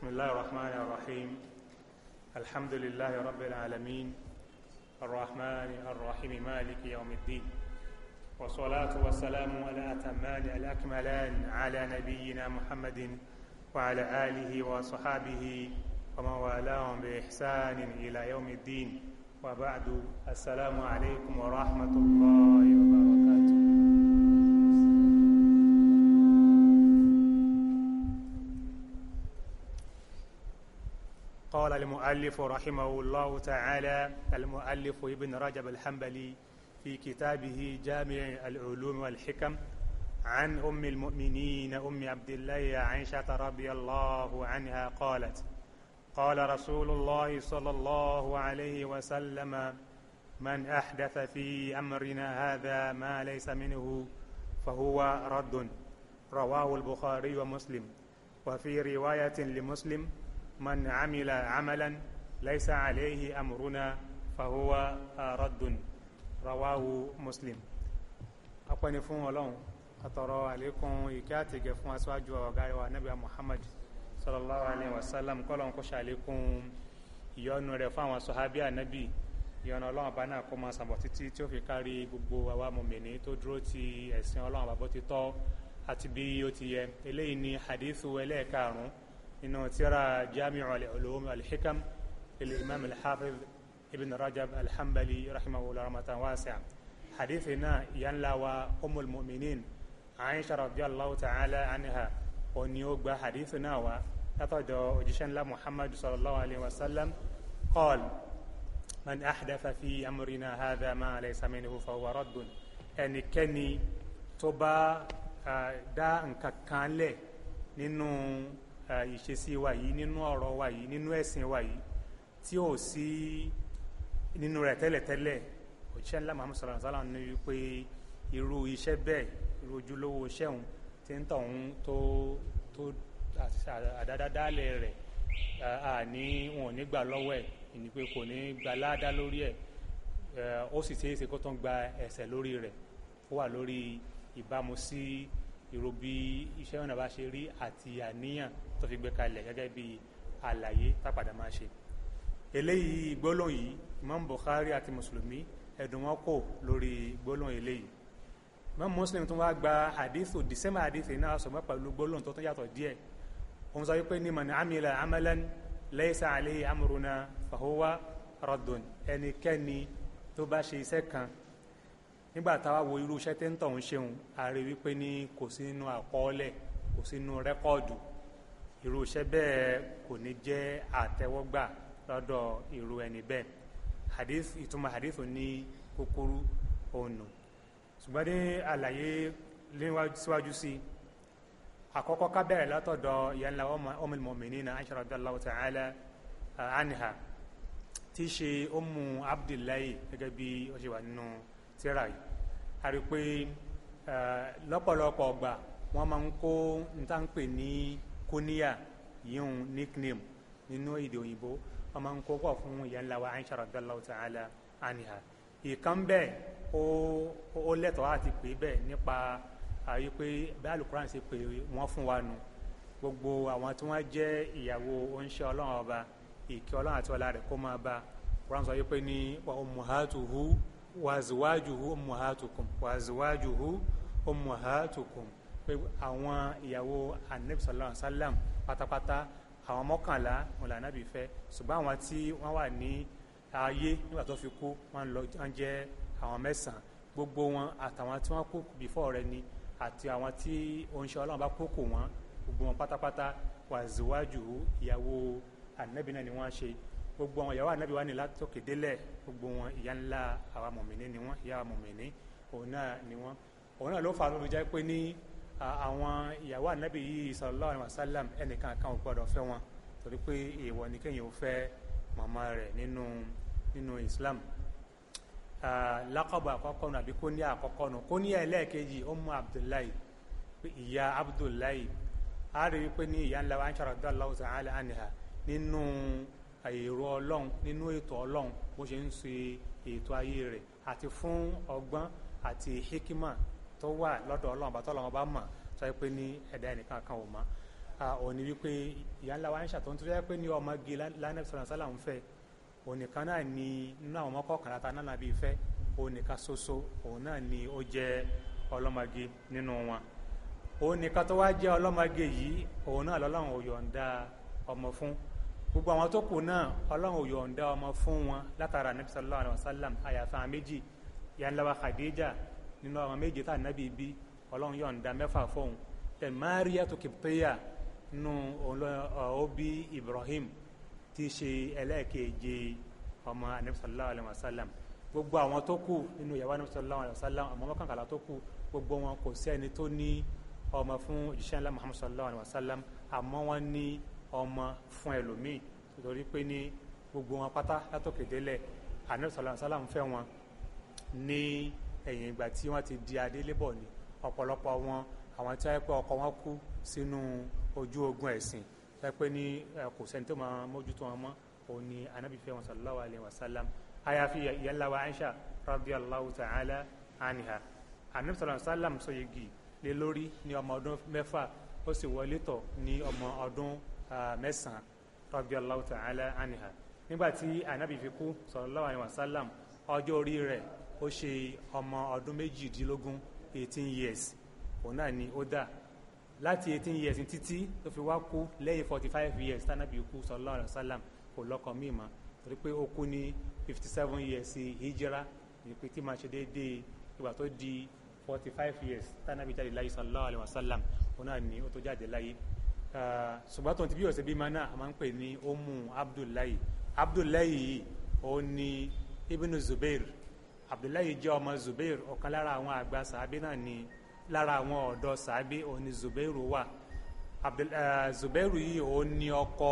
بسم الله الرحمن الرحيم الحمد لله رب العالمين الرحمن الرحيم مالك يوم الدين والصلاة والسلام على أتمان الأكملان على نبينا محمد وعلى آله وصحابه ومن والاهم بإحسان إلى يوم الدين وبعد السلام عليكم ورحمة الله وبركاته قال المؤلف رحمه الله تعالى المؤلف ابن رجب الحنبلي في كتابه جامع العلوم والحكم عن أم المؤمنين أم عبد الله عائشة رضي الله عنها قالت قال رسول الله صلى الله عليه وسلم من أحدث في أمرنا هذا ما ليس منه فهو رد رواه البخاري ومسلم وفي رواية لمسلم من عمل عملا ليس عليه أمرنا فهو رد رواه مسلم أقوى فون ولون أترى عليكم يكاتي فون أسواج وغاية ونبي محمد صلى الله عليه وسلم قال أنكش عليكم يون رفان وصحابي النبي ìyọ̀nà ọlọ́run ọba náà kó máa sàbọ̀ títí tí ó fi kárí gbogbo àwa mòmìnì tó dúró ti ẹ̀sìn ọlọ́run àbábọ́ ti tọ́ àti bí ó ti yẹ eléyìí ni hadithu ẹlẹ́ẹ̀karùn nínú tíra jamiu al-ulum al-hikam lil imam al-hafiz ibn rajab al-hanbali rahimahullah rahmatan wasi'a hadithi náà yan la wa umul mu'minin aisha radiyallahu ta'ala anha ó ní ó gba hadithi náà wá látọ̀dọ̀ òjíṣẹ́ ńlá muhammad sallallahu alayhi wa sallam qala man ahdatha fi amrina hadha ma laysa minhu fa huwa raddun ẹnikẹ́ni tó bá dá nǹkan kan lẹ̀ nínú ìṣesí wa yìí nínú ọ̀rọ̀ wa yìí nínú ẹ̀sìn wa yìí tí ò sí nínú rẹ̀ tẹ́lẹ̀tẹ́lẹ̀ òṣìṣẹ́ ńlá Muhammad sallallahu alaihi ní wípé irú iṣẹ́ bẹ́ẹ̀ irú ojúlówó iṣẹ́ òun ti ń tọ̀hún tó tó àdádádálẹ̀ rẹ̀ àní wọn ò ní gbà lọ́wọ́ ẹ̀ ìní pé kò ní gba láàdá lórí ẹ̀ ó sì ṣeé ṣe kó tó gba ẹ̀ṣẹ̀ lórí rẹ̀ ó wà lórí ìbámu sí. Si, irú bí iṣẹ́ ọ̀nà bá ṣe rí àti àníyàn tó fi gbé kalẹ̀ gẹ́gẹ́ bí àlàyé tápàdà máa ṣe eléyìí gbólóhùn yìí Imam Bukhari àti mùsùlùmí ẹ̀dùn wọn kò lórí gbólóhùn eléyìí Imam Muslim tó wá gba hadithu december hadithu náà sọgbọ́n pẹ̀lú gbólóhùn tó tún yàtọ̀ díẹ̀ òun sọ wípé ní man amila amalan laysa alayhi amruna fahuwa raddun ẹnikẹ́ni tó bá ṣe iṣẹ́ kan nígbà táwa wo irú iṣẹ́ tẹ́ńtọ̀ ń ṣeun a rí wípé ní kò sí nínú àkọọ́lẹ̀ kò sí nínú rẹ́kọ́ọ̀dù irú iṣẹ́ bẹ́ẹ̀ kò ní jẹ́ àtẹ́wọ́gbà lọ́dọ̀ irú ẹni bẹ́ẹ̀ hadith ìtumọ̀ hadith ní kúkúrú ònù ṣùgbọ́n ní àlàyé síwájú sí àkọ́kọ́ ká bẹ̀rẹ̀ látọ̀dọ̀ ìyànlá ummul umm mu'minina Aisha radiyallahu ta'ala anha tí ṣe Ummu Abdullahi gẹ́gẹ́ bí ó ṣe wà nínú. No tíra yìí a rí pé lọ́pọ̀lọpọ̀ ọgbà wọ́n máa ń kó ntánpè ní kóníyà yíyún nickname nínú èdè òyìnbó wọ́n máa ń kó pọ̀ fún ìyá ńlá wa Aisha radallahu ta'ala anha ìkan bẹ́ẹ̀ ó lẹ́tọ̀ọ́ àti pè bẹ́ẹ̀ nípa àyè pé bẹ́ẹ̀ alukuran ṣe pé wọ́n fún gbogbo àwọn tí wọ́n jẹ́ ìyàwó ọlọ́run ọba ọlọ́run àti ọlá rẹ̀ kó máa bá kuran sọ yìí pé ní wàzíwájúhu ummuhatukum wàzíwájúhu ummuhatukum pé àwọn ìyàwó anabi sallallahu alayhi wa sallam pátápátá àwọn mọ́kànlá ọ̀là anábì fẹ́ ṣùgbọ́n àwọn tí wọ́n wà ní ayé nígbà tó fi kú wọ́n lọ wọ́n àwọn mẹ́sàn gbogbo wọn àtàwọn tí wọ́n kú before rẹ̀ ni àti àwọn tí oníṣẹ́ ọlọ́run bá kó kò wọ́n gbogbo wọn pátápátá wàzíwájúhu ìyàwó anabi náà ni wọ́n ṣe gbogbo àwọn ìyàwó ànábì wa ní látòkè délẹ̀ gbogbo wọn ìyá ńlá àwa mọ̀mìnì ni wọ́n ìyá mọ̀mìnì òun náà ni wọ́n òun náà ló fà á lóbi jẹ́ pé ní àwọn ìyàwó ànábì yìí sallallahu alaihi wasallam ẹnìkan kan ò gbọ́dọ̀ fẹ́ wọn torí pé èèwọ̀ ni kéèyàn ò fẹ́ màmá rẹ̀ nínú nínú Islam lákọ̀bọ̀ àkọ́kọ́ nù àbí kóníyà àkọ́kọ́ nù kóníyà ẹlẹ́ẹ̀kejì Ummu Abdullahi ìyá Abdullahi a rí i pé ní ìyá wa ń ṣàròdọ́ Allahu ta'ala anha nínú èrò ọlọ́run nínú ètò ọlọ́run bó ṣe ń ṣe ètò ayé rẹ̀ àti fún ọgbọ́n àti hikima tó wà lọ́dọ̀ ọlọ́run bàtọ́ ọlọ́run bá mọ̀ tó yẹ pé ní ẹ̀dá ẹnìkan kan ò mọ̀ òní wípé ìyá ńlá wa ń ṣàtọ́ tó pé ní ọmọge lánàá sọ̀rọ̀ sálà ń fẹ́ ònìkan náà ni nínú àwọn ọmọkọ̀ọ̀kan láta náà bí fẹ́ ònìkan ṣoṣo òun náà ni ó jẹ́ ọlọ́mọge nínú wọn ònìkan tó wá jẹ́ ọlọ́mọge yìí òun náà lọ́lọ́run ò yọ̀ǹda ọmọ fún gbogbo àwọn tó kù náà ọlọ́run ò yọ̀ǹda ọmọ fún wọn látara nabi sallallahu alayhi wa sallam àyàfà méjì yanlawa khadija nínú àwọn méje tá nabi bí ọlọ́run yọ̀ǹda mẹ́fà fóun then maria tó kìpéyà nínú òbí ibrahim tí í ṣe ẹlẹ́ẹ̀keje ọmọ nabi sallallahu alayhi wa sallam gbogbo àwọn tó kù nínú ìyàwó nabi sallallahu alayhi wa sallam ọmọ mọ́kànlá tó kù gbogbo wọn kò sẹ́ni tó ní ọmọ fún òjíṣẹ́ ńlá sallallahu alayhi wa sallam àmọ́ wọn ní ọmọ fún ẹlòmíì torí pé ní gbogbo wọn pátá látòkè délẹ̀ anabi sọlá sọlá ń fẹ́ wọn ní ẹ̀yìn ìgbà tí wọ́n ti di adélébọ̀ ni ọ̀pọ̀lọpọ̀ wọn àwọn tí wọ́n pẹ́ ọkọ wọn kú sínú ojú ogun ẹ̀sìn tí wọ́n pẹ́ ní kò sẹ́ni tó máa mójútó wọn mọ́ òun ni anabi wọn sallallahu alaihi wasallam ayafi yalla wa aisha radiyallahu ta'ala anha anabi sallallahu alaihi sọ yegi lé lórí ní ọmọ ọdún mẹ́fà ó sì wọlé tọ̀ ní ọmọ ọdún mẹ́sàn-án radiyallahu ta'ala anha nígbàtí ànábì fi kú sallallahu alaihi wasallam ọjọ́ orí rẹ̀ ó ṣe ọmọ ọdún méjìdínlógún eighteen years òun náà ni ó dà láti eighteen years títí tó fi wá kú lẹ́yìn forty five years tànábì kú sallallahu alaihi wasallam kò lọ́kọ míì mọ́ torí pé ó kú ní fifty seven years hijira ìpè tí máa ṣe déédéé ìgbà tó di forty five years tànábì jáde láyé sallallahu alaihi wasallam òun náà ni ó tó jáde láyé. Ah, ṣùgbọ́n tó ń ti bí ọ̀sẹ̀ bíi máa náà a máa ń pè ní omu abdullahi abdullahi yìí ó ní ibnu zubair abdullahi jẹ́ ọmọ zubair ọ̀kan lára àwọn àgbà sàábé náà ni lára àwọn ọ̀dọ́ sàábé ó ní zubair wà ah, zubair yìí ó ní ọkọ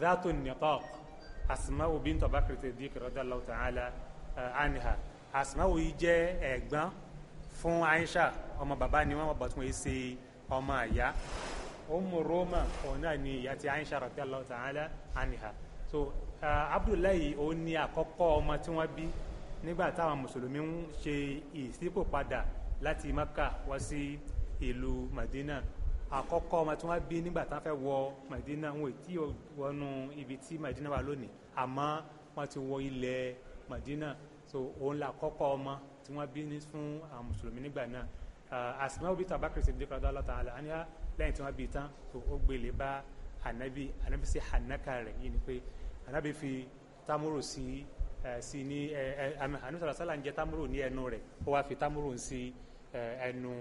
dhatu ah, nitaq asma'u bint abakar siddiq radiyallahu ta'ala anha asma'u yìí jẹ́ ẹ̀gbọ́n fún aisha ọmọ bàbá ni wọ́n bọ̀ tí wọ́n ṣe ọmọ àyá ọmọ roma òun náà ni ìyá ti Aisha radiyallahu ta'ala anha so uh, Abdullahi òun ni àkọ́kọ́ ọmọ tí wọ́n bí nígbà táwọn mùsùlùmí ń ṣe ìṣípòpadà láti Maka wá sí ìlú Madina àkọ́kọ́ ọmọ tí wọ́n bí nígbà tá fẹ́ wọ Madina wọn ò tí wọnú ibi tí Madina wà lónìí àmọ́ wọ́n ti wọ ilẹ̀ Madina so òun là kọ́kọ́ ọmọ tí wọ́n bí fún àwọn mùsùlùmí nígbà náà Uh, Asma bint Abubakar Siddiq radiyallahu ta'ala anha lẹ́yìn tí wọ́n bí tán tó ó gbélé bá anabi anabi sí hanaka rẹ̀ yìí ni pé anabi fi tamuro sí eh, sí ní anusala eh, eh, sala ń jẹ tamuro ní ẹnu rẹ̀ ó wá fi tamuro sí ẹnu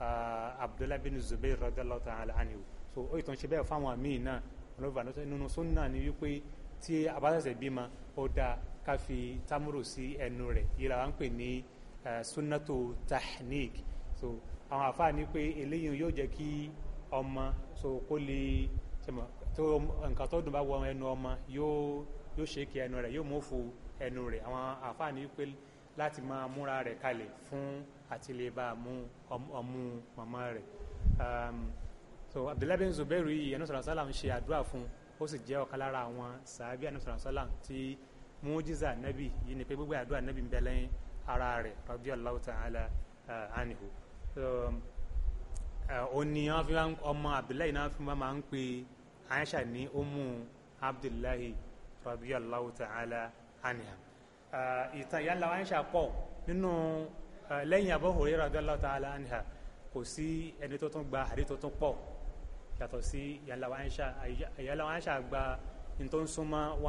ah, Abdullahi bin Zubair radiyallahu ta'ala anhu so ó ìtàn ṣe bẹ́ẹ̀ fáwọn míì náà olóòfà nínú sunna ni wípé tí abáṣẹ̀ṣẹ̀ bímọ ó dáa ká fi tamuro sí ẹnu rẹ̀ yìí la wá ń pè ní sunnatu tahnik so àwọn àfáà ní pé eléyìí yóò jẹ́ kí ọmọ so kó lè tó nǹkan tó dùn bá wọ ẹnu ọmọ yóò yóò ṣe kí ẹnu rẹ̀ yóò mọ̀fo ẹnu rẹ̀ àwọn àfáà ní pé láti máa múra rẹ̀ kalẹ̀ fún àti lè bá mú ọmú màmá rẹ̀ um, so Abdullahi bin Zubairu yìí ẹnu sọ̀rọ̀ sálàm ṣe àdúrà fún ó sì jẹ́ ọ̀kan lára àwọn sàábí ẹnu sọ̀rọ̀ sálàm tí mujiza nabi yìí ni pé gbogbo àdúrà nabi ń bẹ lẹ́yìn ara rẹ̀ radiyallahu ta'ala uh, anhu. Uh, òní um, uh, wọn fi ọmọ abdullahi náà fi máa ń pe aisha ní umu abdullahi radiyallahu ta'ala anha uh, ìtàn ìyá ńlá aisha pọ̀ nínú uh, lẹ́yìn Abu Hurairah radiyallahu ta'ala anha kò sí ẹni tó tún gba àrí tó tún pọ̀ yàtọ̀ sí ìyá aisha ìyá aisha gba ní tó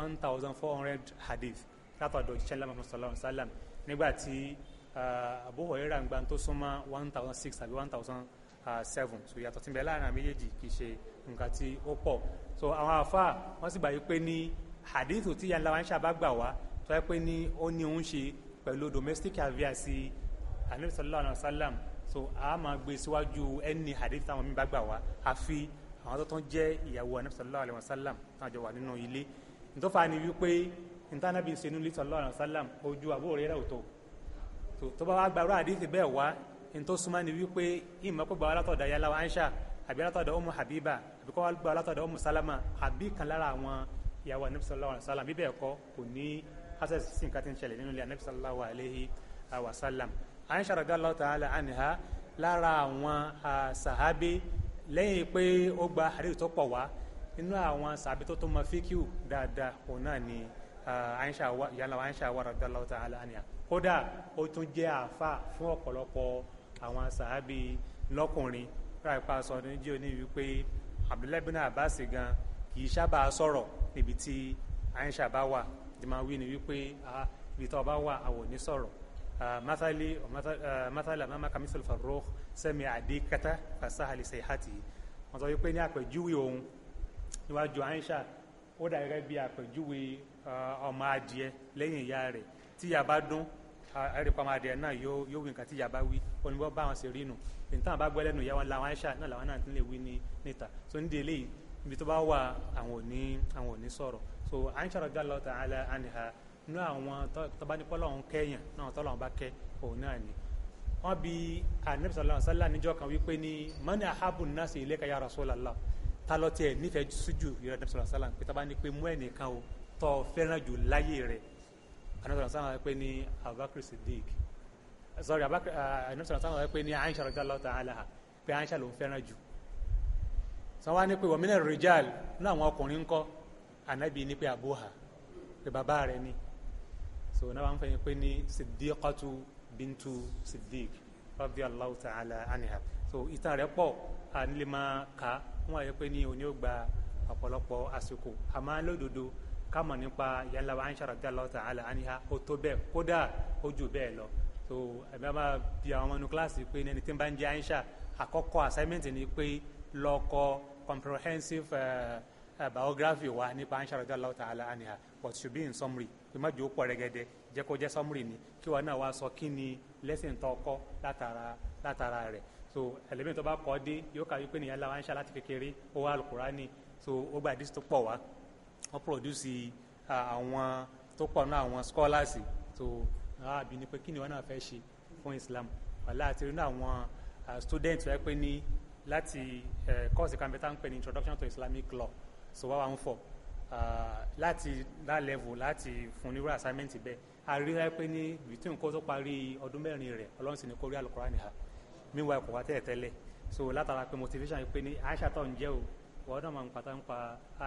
one thousand four hundred hadith látọ̀dọ̀ ìṣẹ́ńlá muhammad sallallahu alayhi wa sallam nígbà tí Abu Hurairah ń gba tó súnmọ́ one thousand six àbí one thousand uh, seven so ìyàtọ̀ tí ń bẹ láàrin méjèèjì kì í ṣe nǹkan tí ó pọ̀ so àwọn àfáà wọ́n sì gbàgbé pé ní hadith tí yàrá wa ń ṣàbá gbà wá tó yẹ pé ní ó ní òun ṣe pẹ̀lú domestic advice anabi sallallahu alayhi wa sallam so a máa gbé síwájú ẹni hadith táwọn mi bá gbà wá àfi àwọn tó tán jẹ́ ìyàwó anabi sallallahu alayhi wa sallam táwọn jọ wà nínú ilé ntọ́fà ni wípé ntànàbí ṣe nílé sallallahu alayhi wa sallam ojú Abu Hurairah òtò tó bá wá gbàrú àdìsí bẹ́ẹ̀ wá ní tó súnmọ́ ni wípé ìmọ̀ kó gbà wá látọ̀dọ̀ ayáláwo àbí látọ̀dọ̀ ọmọ Habiba àbí kó wá gbà ọmọ Salama àbí kan lára àwọn ìyàwó anabi sallallahu alayhi wa sallam bíbẹ̀ ẹ̀kọ́ kò ní access sí nǹkan tí ń ṣẹlẹ̀ nínú ilé anabi alayhi wa sallam Aisha radiyallahu ta'ala anha lára àwọn sahabi lẹ́yìn pé ó gba àdéhùn tó pọ̀ wá inú àwọn sahabi tó tó mọ fíkìú dáadáa òun náà ni Aisha ìyànlá Aisha ta'ala anha kódà ó tún jẹ́ àáfà fún ọ̀pọ̀lọpọ̀ àwọn sàábì lọ́kùnrin ráìpá sọ ní jí oní wípé Abdullahi bin Abbas gan kì í sábà sọ̀rọ̀ níbi tí Aisha bá wà tí máa wí ni wípé ibi tó bá wà àwọn ò ní sọ̀rọ̀ mathali mathali amama kamisal farrokh sẹ́mi àdékátá fasahali sayhati wọ́n sọ wípé ní àpèjúwe òun níwájú Aisha ó dà gẹ́gẹ́ bí àpèjúwe ọmọ adìẹ lẹ́yìn ìyá rẹ̀ tí ìyá bá dún àríkọ́mọ adìẹ náà yóò yóò wí nǹkan tí ìyá bá wí oníbọ̀ bá wọn ṣe rí nù ìtàn àbá gbẹ́lẹ́nu ìyá wọn làwọn àìsà náà làwọn náà ti lè wí ní níta so nídìí eléyìí ibi tó bá wà àwọn ò àwọn ò sọ̀rọ̀ so àìsà rọ̀jà lọ́tà àlẹ́ àníhà nú àwọn tọ́ba ní pọ́lọ́hún kẹ́yàn náà tọ́lọ́hún bá kẹ́ òun náà ni wọ́n bi anabi sallallahu níjọ́ kan wípé mani ahabu nasi ilayka ya rasulallah talọ́tì ẹ̀ nífẹ̀ẹ́ sójú ìrẹ́ anabi sallallahu alaihi wasallam pé tọ́ba ní anọ́sọ̀rọ̀ sọ́nà wáyé pé ní Abubakar Siddiq sorry anọ́sọ̀rọ̀ sọ́nà wáyé pé ní Aisha radiyallahu ta'ala anha pé Aisha ló ń fẹ́ràn jù sọ wá ní pé mina rijal ní àwọn ọkùnrin ńkọ́ anabi ní pe abuha pé bàbá rẹ̀ ni so náà wọ́n fẹ́yìn pé ní Siddiqatu bintu Siddiq radiyallahu ta'ala anha so ìtàn rẹ̀ pọ̀ à nílẹ̀ máa kà wọ́n wáyé pé ní ọ̀pọ̀lọpọ̀ àsìkò àmọ́ lódodo kama mọ̀ nípa yàrá wa Aisha radiyallahu ta'ala anha ó tó bẹ́ẹ̀ kódà ó jù bẹ́ẹ̀ lọ so ẹ̀mí àmà bí àwọn ọmọ inú kíláàsì pé ní ẹni tí ń bá ń jẹ Aisha àkọ́kọ́ assignment ni pé lọ comprehensive uh, uh, biography wa nípa Aisha radiyallahu ta'ala anha but should be in summary pé má jòó pọ̀ rẹ́gẹ́dẹ́ jẹ́ kó jẹ́ summary ni kí wọn náà wá sọ kí ni lesson tó kọ́ látara látara rẹ̀ so ẹlẹ́mìí tó bá kọ́ dé yóò kà wípé nìyẹn làwọn Aisha láti kékeré ó wà Al-Qur'ani so ó gba àdìsí pọ̀ wá wọ́n produce uh, àwọn tó pọ̀ náà àwọn scholars tó àbí ni pé kí ni wọ́n náà fẹ́ ṣe fún Islam wàhálà àti rí náà àwọn uh, student wẹ́ pé ní láti kọ́ọ̀sì uh, kan bẹ́tà ń pè ní introduction to Islamic law so wá wà ń fọ̀ láti that level láti fún nírú assignment bẹ́ẹ̀ a rí wáyé pé ní between kó tó parí ọdún mẹ́rin rẹ̀ ọlọ́run sì ní kó rí al nìha meanwhile kò wá tẹ́lẹ̀ tẹ́lẹ̀ so látara pé motivation yìí pé ní Aisha tó ń jẹ́ o wọ́n náà máa ń pata ń pa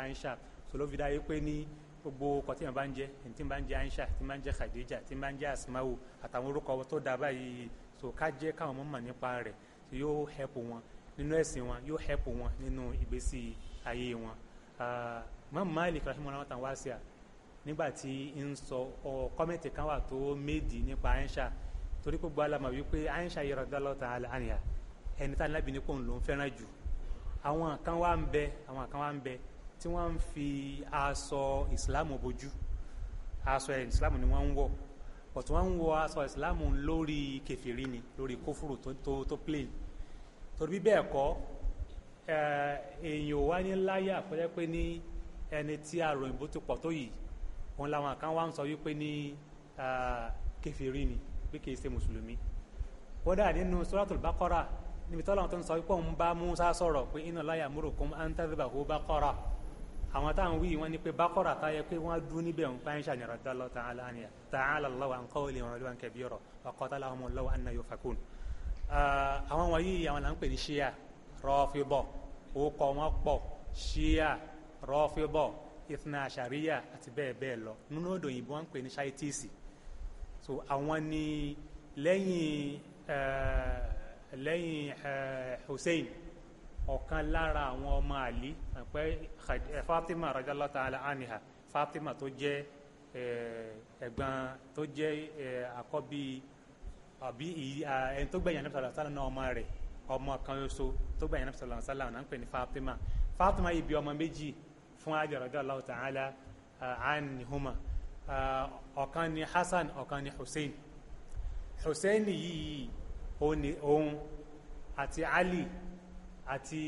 Aisha sọlọ́fídà yìí pé ní gbogbo ọkọ̀ tí bá ń jẹ́ tí bá ń jẹ́ Aisha tí wọ́n bá ń jẹ́ Khadija tí bá ń jẹ́ Asmau àtàwọn orúkọ tó da báyìí so ká jẹ́ káwọn mọ̀ mọ̀ nípa rẹ̀ yóò help wọn nínú ẹ̀sìn wọn yóò help wọn nínú ìgbésí ayé wọn. Imam Malik rahimahullah ta'ala wá sí à nígbà tí ń sọ ọ kọ́mẹ̀tì kan wà tó méjì nípa Aisha torí gbogbo alamọ̀ wípé Aisha radiyallahu ta'ala anha ẹni tá àwọn kan wá ń bẹ àwọn kan wá ń bẹ tí wọ́n fi aṣọ ìsìláàmù bojú aṣọ ìsìláàmù ni wọ́n ń wọ̀ ọ̀tún wọ́n ń wọ aṣọ ìsìláàmù lórí kẹfìrí ni lórí kófúrú tó tó plain torí bí bẹ́ẹ̀ kọ́ èèyàn wá ní láyà pẹ́ẹ́ pé ní ẹni tí àrùn ìbò ti pọ̀ tó yìí òun làwọn kan wá ń sọ wípé ní kẹfìrí ni bí kìí ṣe mùsùlùmí kódà nínú suratul Baqara níbi tọ́lọ́run tó ń sọ wípé òun bá Musa sọ̀rọ̀ pé iná láyà múrò kún antẹ́bíbà kó bákọ́ra àwọn táwọn wíì wọn ni pé bákọ́ra tá yẹ pé wọ́n dún níbẹ̀ òun pa ń ṣàyàn rẹ̀ dálọ́ ta'ala ni ta'ala Allahu an qawli wọn lọ́wọ́ nkẹ́bí ọ̀rọ̀ waqatalahum Allahu anna yufakun. àwọn wọ̀nyí àwọn là ń pè ní ṣíà rọ́ọ̀fíbọ̀ orúkọ wọn pọ̀ ṣíà rọ́ọ̀fíbọ̀ ìtìna àṣàríyà àti bẹ́ẹ̀ bẹ́ẹ̀ lọ nínú odò òyìnbó wọn pè ní ṣáìtìsì so àwọn ni lẹ́yìn lẹ́yìn Hussein ọ̀kan lára àwọn ọmọ àlí pé Fatima radiyallahu ta'ala anha Fatima tó jẹ́ ẹ̀gbọ́n tó jẹ́ àkọ́bí àbí ẹni tó gbẹ̀yìn Ànábì sallallahu alaihi wasallam ọmọ rẹ̀ ọmọ kan ṣoṣo tó gbẹ̀yìn Ànábì sallallahu alaihi wasallam náà ń pè ní Fatima Fatima yìí bí ọmọ méjì fún Ali radiyallahu ta'ala ọ̀kan ni Hasan ọ̀kan ni Hussein Hussein yìí òun ni òun àti Ali àti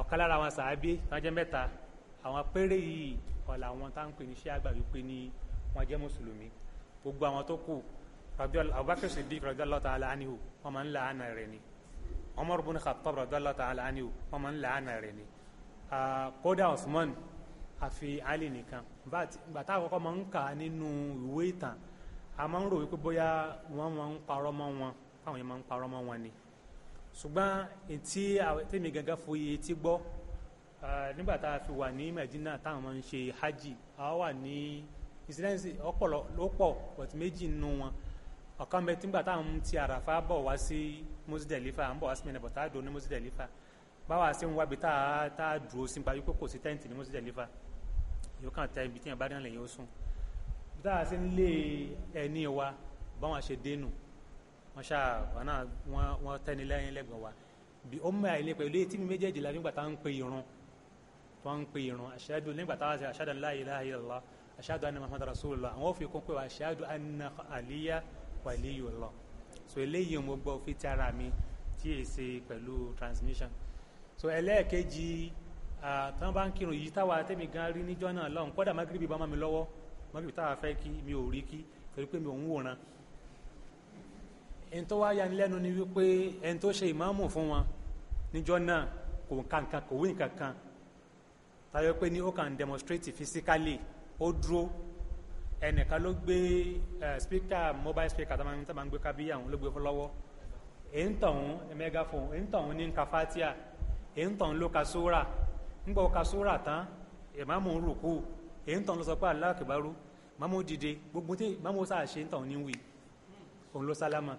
ọ̀kan lára àwọn sàábé tó jẹ́ mẹ́ta àwọn péré yìí ọ̀la àwọn tá à ń pè ní ṣé àgbà wípé ni wọ́n jẹ́ mùsùlùmí gbogbo àwọn tó kù Abubakar Siddiq radiyallahu ta'ala wọ́n máa ń la àna rẹ̀ ni Umar ibn Khattab radiyallahu ta'ala wọ́n máa ń la àna rẹ̀ ni kódà Usman àfi Ali nìkan bàtà àkọ́kọ́ máa ń kà nínú ìwé ìtàn a máa ń rò wípé bóyá wọ́n máa ń parọ́ mọ́ wọn fáwọn yẹn máa ń parọ́ mọ́ wọn ni ṣùgbọ́n etí tèmi gangan foyè etí gbọ́ nígbà tá a fi wà ní Medina táwọn máa ń ṣe hajj a wà ní incidence ọpọlọ ló pọ̀ but méjì nù wọn ọ̀kan bẹ tí ń gbà táwọn ti àràfà bọ̀ wá sí Muzdalifa à ń bọ̀ wá sí mẹ́rin bọ̀ tá a dùn ní Muzdalifa báwa ṣe ń wábi tá a dúró sí nípa wípé kò sí tẹ́ǹtì ní Muzdalifa yóò kàn tẹ́ ibi tí yẹn bá dán lẹ́yìn ó sùn dáa sí nílé ẹni wa báwọn ṣe dénú wọn ṣáà wọn náà wọn tẹni lẹ́yìn lẹ́gbọ̀n wa bí ó mọ àìlè pẹ̀lú etí mi méjèèjì la nígbà táwọn ń pe irun tó ń pe irun ashadu nígbà táwọn ṣe ashadu la ilaha illallah ashadu anna muhammad rasulullah àwọn òfin kún pé wà ashadu anna aliya waliyullah so eléyìí mo gbọ́ fi ti ara mi tí è ṣe pẹ̀lú transmission so ẹlẹ́ẹ̀kejì tí wọ́n bá ń kírun yìí táwa tẹ́mi gan rí níjọ́ náà lọ́hùn kódà magribi bá mọ́ mi lọ́wọ́ mọ́bí tá a fẹ́ ki mi o rí ki torí pe mi ò ń wòran ẹni tó wá yanilẹ́nu ni wípé ẹni tó ṣe ìmáàmù fún wọn níjọ́ náà kò kankan kò wí nǹkan kan tayọ pé ní ó kàn demonstrate physically ó dúró ẹnìkan ló gbé speaker mobile speaker táwọn ẹni gbé kábíyà òun ló gbé fún lọ́wọ́ èyí ń megaphone èyí ń èyí ń tàn ló sọ pé aláàkìbárú mamu dìde gbogbo tí mamu sáà ṣe ń tàn ní wí òun ló sálámà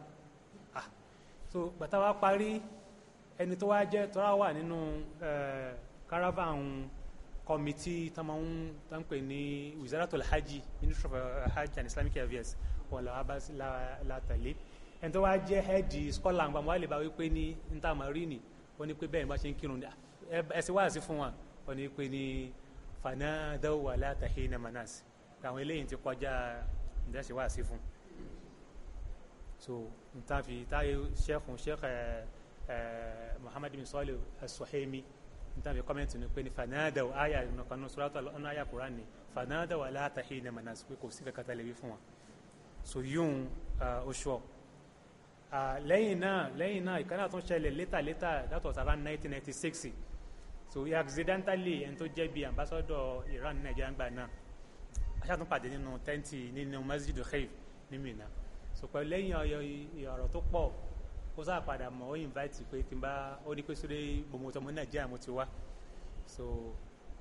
ah so bàtà wa parí ẹni tó wá jẹ́ tó wà nínú caravan kọmitì tó máa ń tó ń pè ní wizaratul hajj ministry of hajj and islamic affairs wọn làwọn bá la tẹ̀lé ẹni tó wá jẹ́ hẹ́ẹ̀dì scotland gbàmọ́ wà wípé ní ntàmárì ni wọ́n ní pé bẹ́ẹ̀ ni wọ́n ṣe ń kírun ẹ̀sìn wáàsí fún wa wọ́n ní pé ní fanadaw wala tahina manas àwọn eléyìí ti kọjá ǹdẹ́sẹ̀ wá sí fún so nta fi táyé sẹ́kùn sẹ́kùn Muhammad bin Salih as-Suhaimi nta fi kọ́mẹ́ntì ni pé ní fanadaw àyà nìkan náà sọ́dọ̀ ọ̀nà àyà Qur'an ni fanadaw wala tahina manas pé kò sí kankan tẹ̀lé bí fún wa so yóò oṣù lẹ́yìn náà lẹ́yìn náà ìkànnà tó ń ṣẹlẹ̀ létà létà látọ̀ sára 1996 so we accidentally ẹni tó jẹ́ bíi ambassador Iran Nàìjíríà gbà náà aṣàtúnpàdé nínú tẹ́ǹtì nínú masjid khayf ní Mina so pẹ̀lú lẹ́yìn ọ̀rọ̀ tó pọ̀ ó sáà padà mọ̀ ó invite pé tí n bá ó ní pé sórí gbogbo ọmọ Nàìjíríà mo ti wá so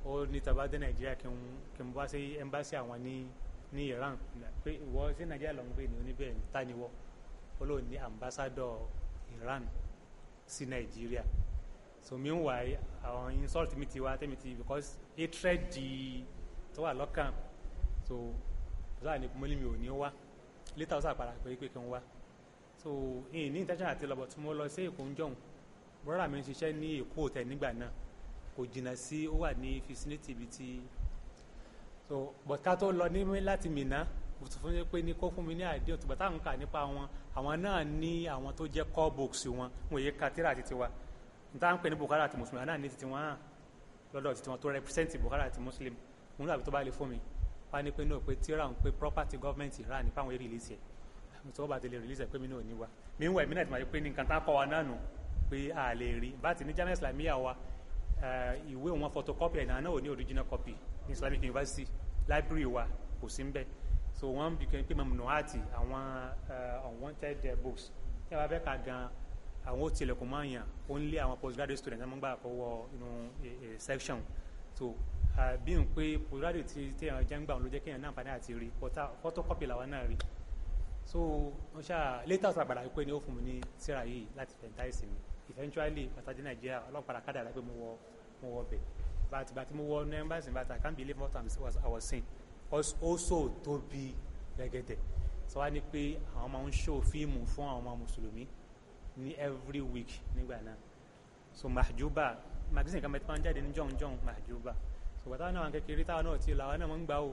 ó ní tàbá dé Nàìjíríà kí n kí sí embassy àwọn ní ní Iran pé ìwọ sí Nàìjíríà lọ́n gbé ní oníbẹ̀ ta ni wọ́ ó lóun ní ambassador Iran sí Nàìjíríà so meanwhile our insult mi ti wá ti because hatred di tó wà lọ́kàn so ọ̀sán ni mo ní mi ò ní wá later ọ̀sán àpàrà pé pé kí n so ìyìn ní intention ati lọ́bọ̀ tí mo lọ sí èkó ń jọ̀hún brọ́dà mi ń ṣiṣẹ́ ní èkó tẹ̀ nígbà náà kò jìnnà sí ó wà vicinity ibi tí so but ká tó lọ ní láti Mìnà mo tún fún mi pé ni kó fún mi ní àdéhùn tó bá táwọn kà nípa wọn àwọn náà ní àwọn tó jẹ́ core books wọn mo yẹ ka tírà àti níta ń pè ní Bukhari àti Muslim náà ní titi wọn hàn titi wọn tó represent Bukhari àti Muslim mo ní àbí tó bá lè fún mi wá ní pé náà pé tíra ń pé property government ra ní fáwọn eré release ẹ̀ mo tọ́ bá ti lè release ẹ̀ pé mi náà ò ní wa mi ń wẹ̀ mí náà ti máa pé ní nǹkan wa náà nù a lè rí bá ti jamiu islamiyà wa eh, ìwé wọn photocopy ẹ̀ náà náà original copy ni Islamic University library wa kò sí ń bẹ́ẹ̀ so wọ́n bí kẹ́ pé mamunuati àwọn eh, unwanted books tí a bá gan-an àwọn ó tilẹ̀kùn máa yàn ó ń lé àwọn postgraduate students ẹ̀ máa ń gbà kọ́wọ́ inú eh, eh, section so bí n pé postgraduate ti téèyàn jẹ́ ń gbà wọn ló jẹ́ kéèyàn náà fani àti rí photocopy làwọn náà rí so wọ́n ṣá later ọ̀sán àgbàlá pé ni ó fún mi ní síra yìí láti fẹ̀ntáìsì mi eventually pàtàkì nàìjíríà ọlọ́pàá kádàrá pé mo wọ mo wọ bẹ̀ but but mo wọ ní embassy but I can't believe what I was seeing also tóbi gẹ́gẹ́dẹ̀ sọ wá ní pé àwọn máa ń ṣó fíìmù fún àwọn ọmọ mùsùlùmí ní every week nígbà náà so mahjuba magazine kan mẹ́tí máa ń jáde ní jọ̀njọ̀n mahjuba so bàtà náà kékeré táwọn náà ti làwọn náà máa ń gbà ó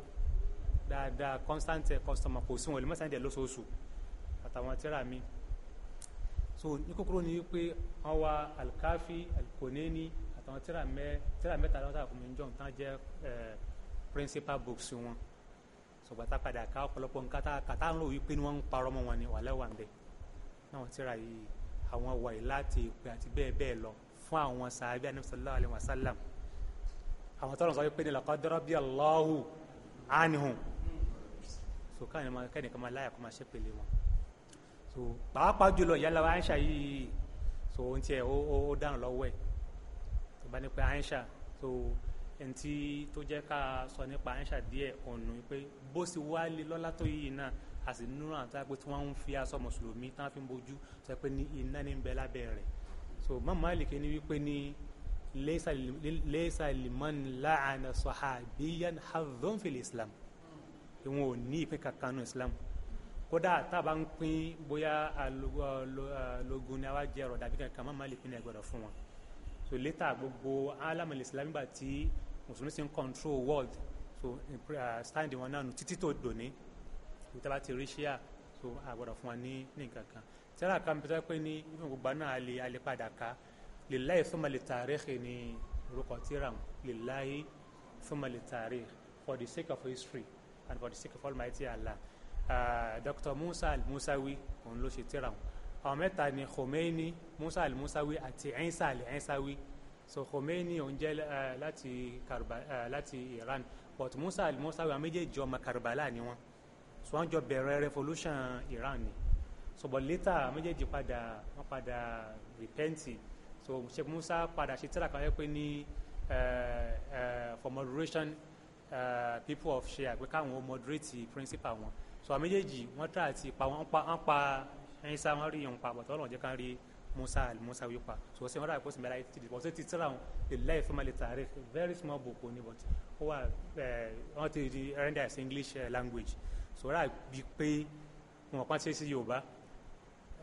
dáadáa constant customer kò sí wọn lè má sáyẹn dẹ̀ lóṣooṣù àtàwọn tíra mi so ní kúkúrú ni wípé wọn wá alkafi alkoneni àtàwọn tíra mẹ tíra mẹ́ta lọ́wọ́ tàbí fún jọ̀n tán jẹ́ principal books wọn so bàtà padà ká ọ̀pọ̀lọpọ̀ nǹkan tá a kà ń rò wípé ni wọ́n ń parọ́ mọ́ wọn ni wàhálà wà ń bẹ̀ náà tíra yìí àwọn wàyí láti ìpè àti bẹ́ẹ̀ bẹ́ẹ̀ lọ fún àwọn sàábí anabi sallallahu alayhi àwọn tọrọ sọ wípé ní laqad radiyallahu anhum so kẹ́nìkan ma láyà kó máa ṣe pèlè wọn so pàápàá jùlọ ìyá lọ́wọ́ Aisha yìí so ohun tiẹ̀ ó dànù lọ́wọ́ ẹ̀ tó bá ní pé Aisha so ẹni tí tó jẹ́ ká sọ nípa Aisha díẹ̀ ọ̀nà pé bó sì wá lé lọ́lá tó yìí náà a sì nínú àwọn tó yà pé tí wọ́n ń fi aṣọ mùsùlùmí tí wọ́n fi ń bojú tó pé ní iná ní bẹ lábẹ́ rẹ̀ so mama Malik ni wípé ní laysa liman la'ana sahabiyan hadhun fil islam ìwọ̀n ò ní ìpín kankan nù islam kódà tábà ń pín bóyá alogun ni a wá jẹ ọ̀rọ̀ dàbí kankan Imam Malik ni ẹgbẹ̀rọ̀ fún wọn so later gbogbo alamọ̀ islam gbà tí mùsùlùmí ti ń control world so uh, stand wọn náà nù títí tó dòní níta bá ti rí ṣíà so àgbọ̀dọ̀ fún wa ní ní nǹkan kan tíra kan bí wọ́n pè ní ìfún gbogbo náà alẹ́ alẹ́ padà ká lillahi thumma li tarikhi ní orúkọ tíra wọn lillahi thumma li tarikhi for the sake of history and for the sake of Almighty Allah uh, ah, Dr. Musa al-Musawi òun ló ṣe tíra wọn àwọn mẹ́ta ni Khomeini Musa al-Musawi àti Isa al-Isawi so Khomeini òun jẹ́ uh, láti Karbala uh, eh, láti Iran but Musa al-Musawi àwọn méjèèjì ọmọ Karbala ni wọ́n so wọ́n jọ bẹ̀rẹ̀ revolution Iran ni so but later méjèèjì padà wọ́n padà repenti so Sheikh Musa padà ṣe tíra kan yẹ pé ní for moderation uh, people of Shia pé káwọn ó moderate principal wọn so àwọn méjèèjì wọ́n tà àti pa wọ́n pa wọ́n pa ẹyin sá wọ́n rí ìyọ̀n pa bọ̀tọ̀ ọlọ́run jẹ́ ká rí Musa Musa wí pa so ṣé wọ́n rà ìpòsí mẹ́ta ti dìbò ṣé ti tíra wọn the life of malita rẹ very small book ni but ó wà wọ́n ti di render as English uh, language sọ́ra bí pé wọn kàn ṣe sí yorùbá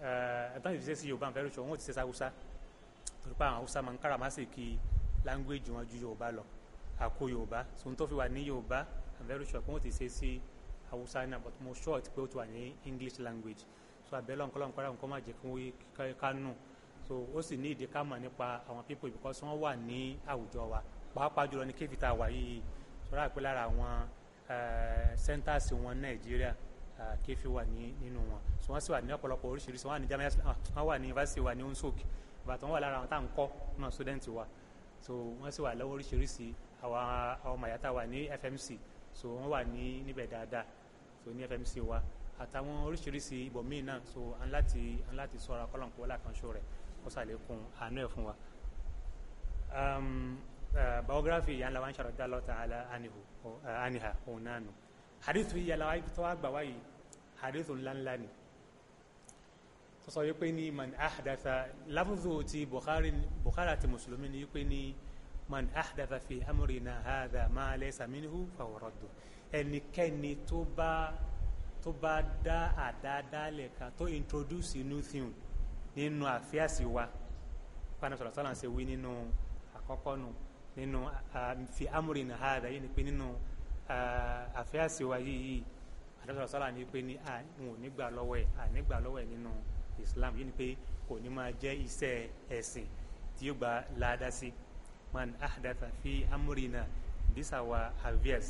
eh, ẹ̀ẹ́dán ìfisẹ́ sí yorùbá nfẹ́ lóṣù wọn ti ṣe sáwúsá torí pé àwọn haúsá máa ń kára máa sì kí láńgbéjì wọn ju yorùbá lọ àkó yorùbá sóhun tó fi wà ní yorùbá nfẹ́ lóṣù ọ̀pọ̀ wọn ti ṣe sí haúsá náà but mo short pé ó ti wà ní english language so abẹ́lẹ́ ọ̀nkọ́ lọ́nkọ́ lọ́nkọ́ máa jẹ́ kí wọ́n ká nù so ó sì ní ìdí ká mọ̀ nípa àwọn people because wọ́n wà ní àwùjọ wa pàápàá jùlọ ní kéfì tá a wà yìí sọ́ra pé lára àwọn centers wọn nàìjíríà kéfì wà nínú wọn so wọ́n sì wà ní ọ̀pọ̀lọpọ̀ oríṣiríṣi wọ́n wà ní Germany wọ́n wà ní yunifásitì wà ní unsuk bàtà wọ́n wà lára àwọn tá à ń kọ́ náà student wa so wọ́n sì wà lọ́wọ́ oríṣiríṣi àwọn ọmọ wà ní FMC so wọ́n wà ní níbẹ̀ dáadáa so ní FMC wa àtàwọn oríṣiríṣi ibòmíì náà so à ń láti à ń láti sọ̀rọ̀ akọ́lọ́nkọ́ lákànṣó rẹ̀ kó sàlékún àánú ẹ̀ fún wa. Um, biography ìyá ńlá wa ń ṣàròdá lọ́ta àníhà òun náà nù hadith yìí yàrá tó wá gbà wáyé hadith ńláńlá ni tó sọ wípé ní man ahdatha láfúzù ti bukhari bukhari àti mùsùlùmí ni wípé ní man ahdatha fi amrina hadha ma laysa minhu fahuwa raddu ẹnikẹ́ni tó bá tó bá dá àdáadáalẹ̀ kan tó introduce new thing nínú àfíàsí wa pàṣẹ sọ̀rọ̀ sọ́lá ń ṣe wí nínú àkọ́kọ́ nù. No nínú fi amúrinà hàdà yìí ni pé nínú àfẹ́àsì wa yìí yìí àdàbà sọ́la ni pé ní àwọn onígbà lọ́wọ́ ẹ̀ ànígbà lọ́wọ́ ẹ̀ nínú Islam yìí ni pé kò ní máa jẹ́ iṣẹ́ ẹ̀sìn tí yóò gba ládásí man ahdatha fi amúrinà these are our avias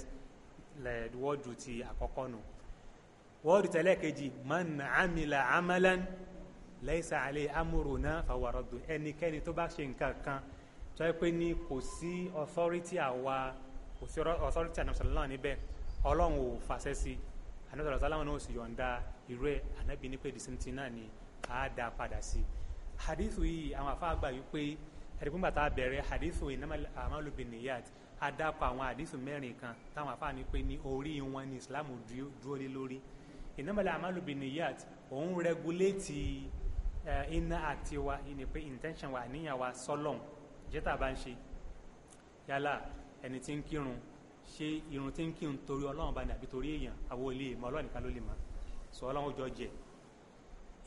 wọ́ọ̀dù ti àkọ́kọ́ nù wọ́ọ̀dù tẹ́lẹ̀kejì man amila amalan laysa alayhi amúruna fawaraddu ẹnikẹ́ni tó bá ṣe nǹkan kan tó yẹ pé ní kò sí authority àwa kò sí authority ànàmùsàlá níbẹ̀ ọlọ́run ò fàṣẹ sí ànàmùsàlá sálámù náà ò sì yọ̀ǹda irú ẹ̀ ànábì ní pé disinti náà ni a dá padà sí hadithu yìí àwọn afá àgbà yìí pé ẹ̀rìgbọ́n bàtà bẹ̀rẹ̀ hadithu yìí náà máa lò bìnnìyàt a dápọ̀ àwọn hadithu mẹ́rin kan táwọn afá ní pé ní orí wọn ni Islam dúró lé lórí ìnámọ̀lẹ̀ àmàlù bìnnìyàt òun rẹguléètì eh, iná àtiwa ìní pé intention wa àníyàn wa sọlọ́n ìjẹ́ tá a bá ń ṣe yálà ẹni tí ń kírun ṣé irun tí ń kírun torí ọlọ́run bá ní àbí torí èèyàn àwọn olè mọ ọlọ́run nìkan ló lè mọ sọ ọlọ́run jọ jẹ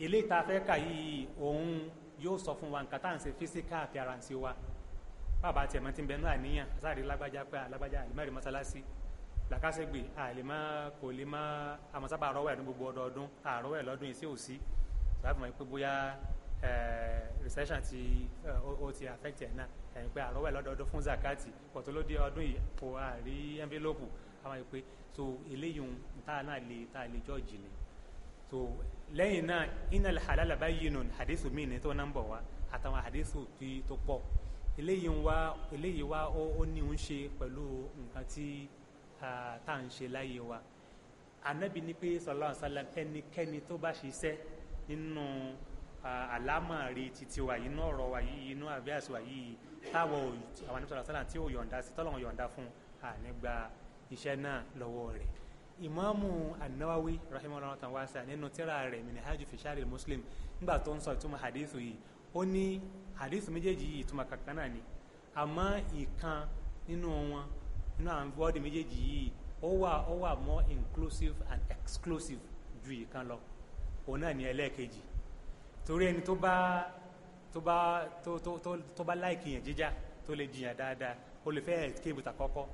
eléyìí tá fẹ́ kà yìí òun yóò sọ fún wa nǹkan tá à ń ṣe físíkà àti ara ń ṣe wa bàbá tiẹ̀ mọ́ ti ń bẹ náà níyàn sáré lágbájá pé alágbájá àlùmọ́ọ̀rẹ́ mọ́sálásí làkàṣẹ́gbè àlèmọ́ kò lè mọ́ àmọ́sábà àrọ́wẹ̀ ní gbogbo ọdọọdún àrọ́wẹ̀ lọ́dún yìí sí òsì láti Eh, recession ti ó eh, ti affect ẹ̀ náà ẹ̀yìn pé àrọ́wẹ̀ lọ́dọọdún fún zakati pọ̀tọ́ ọdún yìí kò àrí envelope àwọn ìpè so eléyìí tá a náà lè tá a lè jọ́ọ̀jì ni so lẹ́yìn náà innal halala bayyinun hadithu mi ní tó náà ń bọ̀ wá àtàwọn hadithu tí tó pọ̀ eléyìí wá eléyìí wá ó ní ń ṣe pẹ̀lú nǹkan tí tá à ń ṣe láyé wa anabi ni pé sallallahu ẹnikẹ́ni tó bá ṣiṣẹ́ nínú àlámọ̀rí titi wa yìí inú ọ̀rọ̀ wa yìí inú àbíàsí wa yìí táwọ̀ àwọn anisọ̀rọ̀ sálà tí ò yọ̀ǹda sí tọ́lọ̀ yọ̀ǹda fún ànígbà iṣẹ́ náà lọ́wọ́ rẹ̀ ìmáàmù anáwáwí rahimahullah tán wá sí nínú tíra rẹ̀ minhaju fi sharil muslim nígbà tó ń sọ ìtumọ̀ hadith yìí ó ní hadith méjèèjì yìí ìtumọ̀ kankan náà ni àmọ́ ìkan nínú wọn nínú àwọn bọ́ọ̀dì méjèèjì yìí ó wà ó wà more inclusive and exclusive ju ìkan lọ òun náà ní ẹlẹ́ẹ̀kejì torí ẹni tó bá tó bá tó tó tó bá láìkì yàn jíjà tó lè jiyàn dáadáa ó lè fẹ́ escape tàkọ́kọ́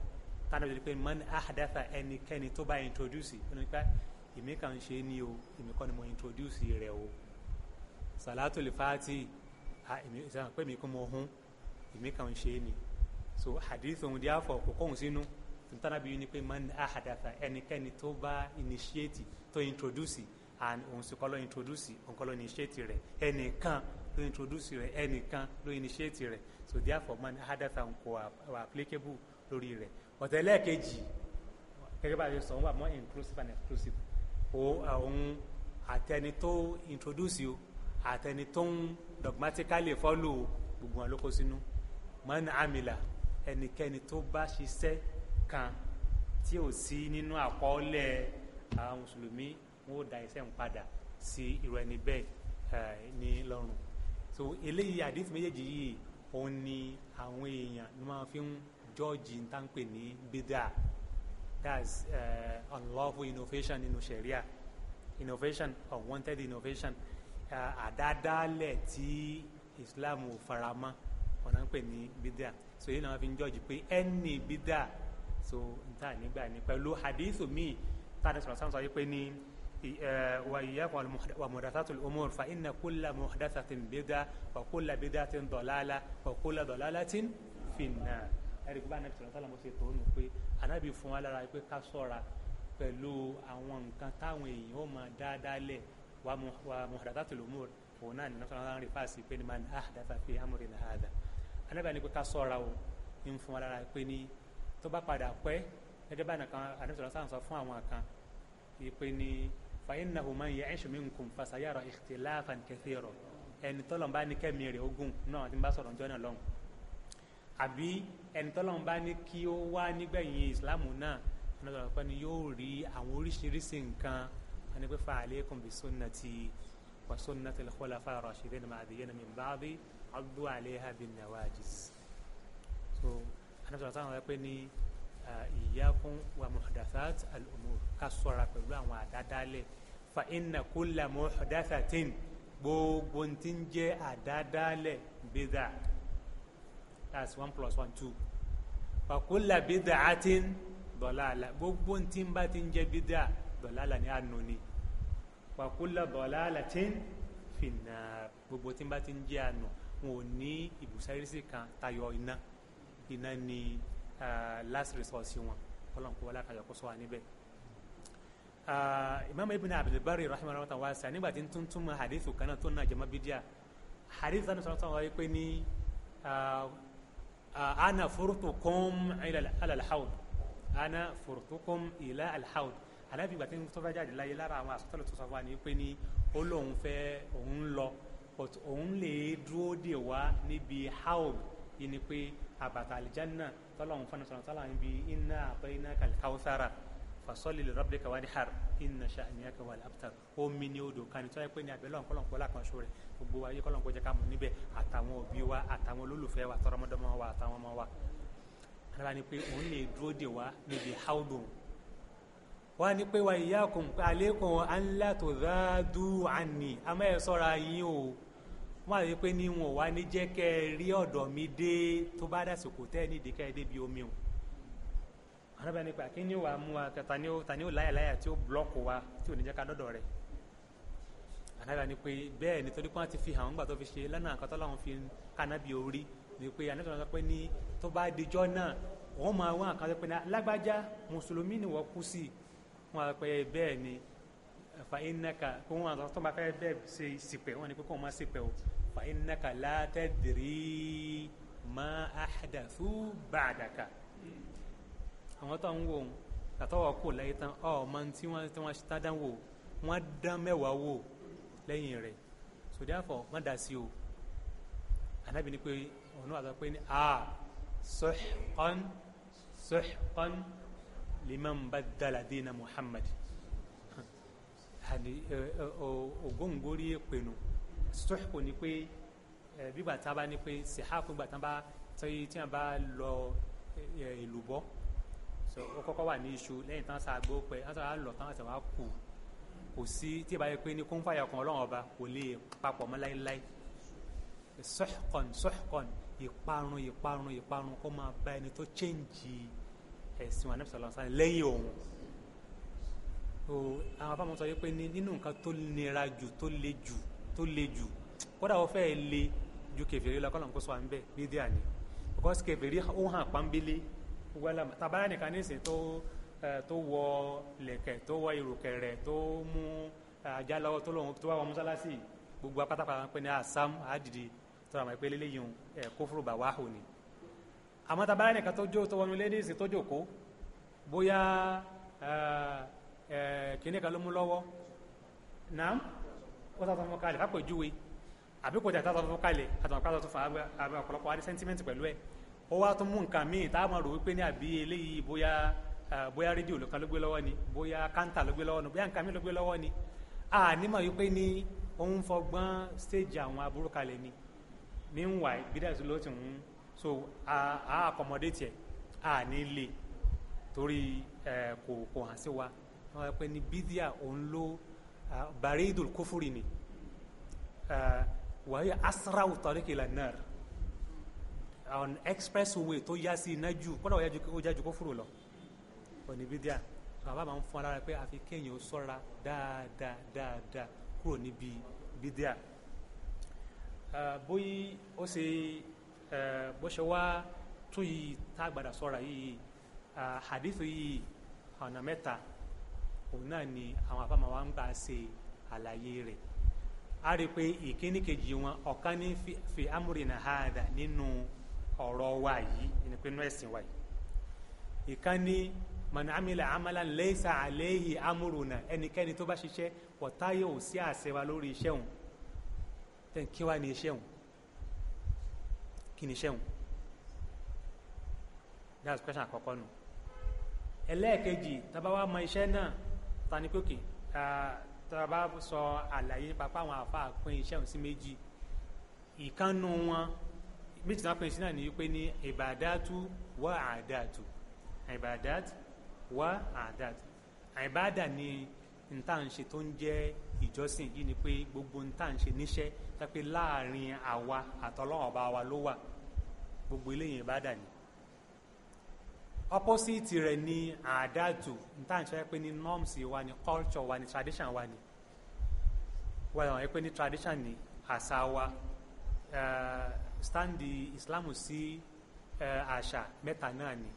tánà lè pe man ahadatha ẹnikẹ́ni tó bá introduce onípa èmi kàn ń ṣe é ní o èmi kọ́ ni mo introduce rẹ̀ o salatu lè fàátì èmi sàn pé èmi kún mo hún èmi kàn ṣe é ní so hadith òun díà fọ kò kóhun sínú tánà bí yìí ni pé man ahadatha ẹnikẹ́ni tó bá initiate tó introduce and òun sì kọ́ ló introduce òun kọ́ ló initiate rẹ̀ ẹnìkan ló introduce rẹ̀ ẹnìkan ló initiate rẹ̀ so therefore man hadatha kò wà applicable lórí rẹ̀ ọ̀tẹ̀ lẹ́ẹ̀kejì gẹ́gẹ́ bá a ṣe sọ wọ́n wà more inclusive and exclusive o àwọn àtẹni tó introduce o àtẹni tó ń dogmatically follow gbogbo wọn ló kó sínú man amila ẹnikẹ́ni tó bá ṣiṣẹ́ kan tí ò sí nínú àkọọ́lẹ̀ àwọn mùsùlùmí wọn ó da iṣẹ́ ń padà sí irú ẹni bẹ́ẹ̀ ní lọ́rùn so eléyìí àdìsí méjèèjì yìí òun ni àwọn èèyàn ló máa fi ń jọ́ọ̀jì ń tán ní bídà that's uh, unlawful innovation nínú ṣẹ̀ríà innovation unwanted innovation àdádálẹ̀ uh, tí Islam ò faramọ́ ọ̀nà ń pè ní bídà so yìí náà fi ń jọ́ọ̀jì pé ẹni bídà so n ta nígbà ní pẹ̀lú hadith mi tá a ní sọ̀rọ̀ sáwọn sọ wípé ní. وإياكم ومحدثات الأمور فإن كل محدثة بدعة وكل بدعة ضلالة وكل ضلالة في النار ẹ̀rí gbogbo anabi sọ̀rọ̀ sálàmù ṣe tòun pé anabi fún wa lára pé ká sọ̀ra pẹ̀lú àwọn nǹkan táwọn èèyàn ó máa dáadáa lẹ̀ wà muhdathatul umur òun náà nínú sọ̀rọ̀ sálàmù rí fáàsì pé ní man ahdatha fi amrina hadha anabi àni pé ká sọ̀ra o ń fún wa lára pé ní tó bá padà pẹ́ ẹjọ́ bá nìkan anabi sọ̀rọ̀ sálàmù sọ fún àwọn kan pé ní. فإنه من يعيش منكم فسيرى اختلافا كثيرا ẹni tọ́lọ́n bá ní kẹ́mi rẹ̀ ogun náà ti bá sọ̀rọ̀ jọ́nà lọ́hùn àbí ẹni tọ́lọ́n bá ní kí ó wá nígbẹ̀yìn ìsìláàmù náà ẹni tọ́lọ́n pẹ́ ni yóò rí àwọn oríṣiríṣi nǹkan ẹni pé fa alaykum bi sunnati wa sunnati al-khulafa ar-rashidin al-mahdiyyin min ba'di addu alayha bin nawajiz so ẹni tọ́lọ́n sáwọn pẹ́ ni ìyákun wa muhdathat al-umur ká ṣọ́ra pẹ̀lú àwọn àdádálẹ̀ fa inna kulla muhdathatin gbogbo tí ń jẹ́ àdádálẹ̀ bídà that's one plus one two fa kulla bid'atin dọ̀láàlà gbogbo tí ń bá ti ń jẹ́ bídà dọ̀láàlà ni àánú ni fa kulla dọ̀láàlatin fìnnà gbogbo tí ń bá ti ń jẹ́ àánú wọn ò ní ibùsọ̀rẹ́sì kan tayọ iná iná ni. Ah, last resource wọn kọlọ́n kó wọlé àkàyọ̀ kó sọ wa níbẹ̀. Ah, imam ibn abdulbari rahimahullah ta wá sa nígbà tí ń tún túmọ̀ hadithu kan náà tó náà jẹmọ́ bídíà hadith sanu sọ̀rọ̀ sọ̀rọ̀ wáyé pé ní ah, ana furutukum ila alhawd ana furutukum ila alhawd alábi ìgbà tí ń tọ́fẹ́ jáde láyé lára àwọn àsọtẹ́lẹ̀ tó sọ wa ni pé ní ó lóun fẹ́ òun lọ òun lè dúró dè wá níbi hawd yìí ni pé àbàtà àlìjánnà tọ́lọ́n fún ọ̀nà sọ̀rọ̀ ibi iná àpẹ́ iná kàlkáwùsára fasọ́lì lè rọ́bìlì kàwá ní har iná ṣàníyà kàwá àbútar omi ní odò kan ní tọ́yẹ́ pé ní abẹ́lọ́n kọ́lọ́nkọ́ lákànṣó rẹ̀ gbogbo ayé kọ́lọ́nkọ́ jẹ́ ká mú níbẹ̀ àtàwọn òbí wa àtàwọn olólùfẹ́ wa tọ́rọmọdọ́mọ wa àtàwọn ọmọ wa ara ni pé òun lè dúró dè wá níbi haudun wá ní pé wa ìyá kùn alẹ́kùn anlá tó dáadú wọ́n á rí pé ní wọn ò wá ní jẹ́ kẹ́ ẹ rí ọ̀dọ̀ mi dé tó bá dàsìkò tẹ́ ẹ nídìí kẹ́ ẹ débi omi o àwọn bá nípa kí ni wàá mú wa kẹta ni ó ta ni ó láyà láyà tí ó blọ́ọ̀kù wa tí ò ní jẹ́ ká dọ́dọ̀ rẹ̀ ànábì ni pé bẹ́ẹ̀ nítorí pé wọ́n ti fi hàn nígbà tó fi ṣe lánàá àkọ́tọ́ làwọn fi kánábì orí ni pé ànábì wọn sọ pé ní tó bá dijọ́ náà wọ́n máa wọ́n àkàtọ́ pé lágbájá mùsùlùmí ni wọ́n kú sí wọ́n sọ pé bẹ́ẹ̀ ni fa ináka kó wọ́n àtọ́ tó bá fẹ́ bẹ́ẹ̀ ṣe ìsìpẹ̀ wọ́n ni pé kó wọ́n má ṣìpẹ̀ o fa innaka la tadri ma ahdathu ba'daka àwọn tó ń wò ó tàtọ́wọ́ kò láyé tán ọ ọmọ tí wọ́n tí wọ́n tádán wò wọ́n dán mẹ́wàá wò lẹ́yìn rẹ̀ so therefore má dá sí o anábì ni pé ọ̀nà àti pé ní a sọ́ḥán sọ́ḥán liman badala dina Muhammad ògóńgórí pẹ̀lú sọ́ọ̀pù ni pé eh, bígbà tá a bá ní pé sèháàpù gbà tá a bá tí tí a bá lọ eh, eh, èlù bọ́ so ó kọ́kọ́ wà ní iṣu lẹ́yìn tán sá gbó pẹ́ á sọ á lọ tán àti wá kù kò sí tí ìbá yẹ pé ní kóńfàyà kan ọlọ́run ọba kò lè papọ̀ mọ́ láéláé sọ́ọ̀kọ̀n sọ́ọ̀kọ̀n ìparun ìparun ìparun kó máa bá ẹni tó chẹ́ǹjì ẹ̀sìn wa nípa sọ̀rọ̀ lẹ́yìn òun àwọn afáàmù sọ wípé nínú nǹkan tó nira jù tó le jù tó le jù kódà ó fẹ́ le ju kẹfìrí lọ kọ́lọ̀ ń kó sọ à ń bẹ̀ bídí àní because kẹfìrí ó hàn pàmbélé wọ́lá tàbáyà nìkan ní ìsìn tó tó wọ lẹ̀kẹ̀ tó wọ ìrùkẹ̀ rẹ̀ tó mú ajá lọ́wọ́ tó lọ́wọ́ tó wà wọ mọ́sálásì gbogbo apátápátá pé ní àsám àdìdì tó rà mọ́ pé lélẹ́yìn ẹ̀ kófòrò bàwá hò ni àmọ́ tàbáyà nìkan tó jó tó wọnú lé ní ìsìn tó ó sá sọfún kalẹ̀ fàpèjúwe àbí kò tẹ̀ sá sọfún kalẹ̀ àtàwọn sọ fún ọ̀pọ̀lọpọ̀ adé sẹ́ńtímẹ́ǹtì pẹ̀lú ẹ̀ ó wá tún mú nǹkan míì tá a máa rò wípé ní àbí eléyìí bóyá bóyá rédíò ló kan ló gbé lọ́wọ́ ni bóyá káńtà ló gbé lọ́wọ́ ni bóyá nǹkan míì ló gbé lọ́wọ́ ni ànímọ̀ wípé ní òun fọgbọ́n stage àwọn aburú kalẹ̀ ni meanwhile gbídà tó ló ti ń so a accommodate ẹ̀ àní lè torí kò kò hàn بريد kufuri وهي أسرع طريق إلى النار ila nar on expressway tó yá sí iná jù kọ́dọ̀ wọ́n yájú kó jájú kó fúrò lọ òní bídíà bàbá máa ń fún ara rẹ pé àfi kéèyàn sọ́ra dáadáa dáadáa kúrò níbi bídíà uh, bóyí ó ṣe uh, bó ṣe wá tún yìí tá àgbàdà sọ́ra yìí uh, hadith yìí ọ̀nà mẹ́ta òun náà ni àwọn afáàmà wa ń gbà ṣe àlàyé rẹ̀ a rí i pé ìkíní kejì wọn ọ̀kan ní fi amúrinà hàdà nínú ọ̀rọ̀ wa yìí ẹni pé nú ẹ̀sìn wa yìí ìkan ní mọ̀nà amílẹ̀ amálà lẹ́sà àléhì amúrùnà ẹnikẹ́ni tó bá ṣiṣẹ́ wọ̀táyé ò sí àṣẹ wa lórí iṣẹ́ òun tẹ̀ kí wá ní iṣẹ́ òun kí ni iṣẹ́ òun that's question àkọ́kọ́ nù ẹlẹ́ẹ̀kejì tábà ise mọ ta ni pé òkè tá a bá sọ àlàyé nípa páwọn àfa pín iṣẹ́ òun méjì ìkànnù wọn méjì náà pín sí náà ni wípé ní ìbàdàtú wà àdàtú ìbàdàt wà àdàt ìbàdà ni nta ń ṣe tó ń jẹ́ ìjọsìn yìí ni pé gbogbo nta ń ṣe níṣẹ́ tá pé láàrin àwa àtọlọ́wọ́n ọba wa ló wà gbogbo eléyìí ìbàdà ni opposite rẹ̀ ni àdáàtò níta n sọ pé ní norms wa ni culture wa ni tradition wa ni wọ́n yà wọ́n pé tradition ni àṣà wa eh, standi islamu sí eh, àṣà mẹ́ta náà ni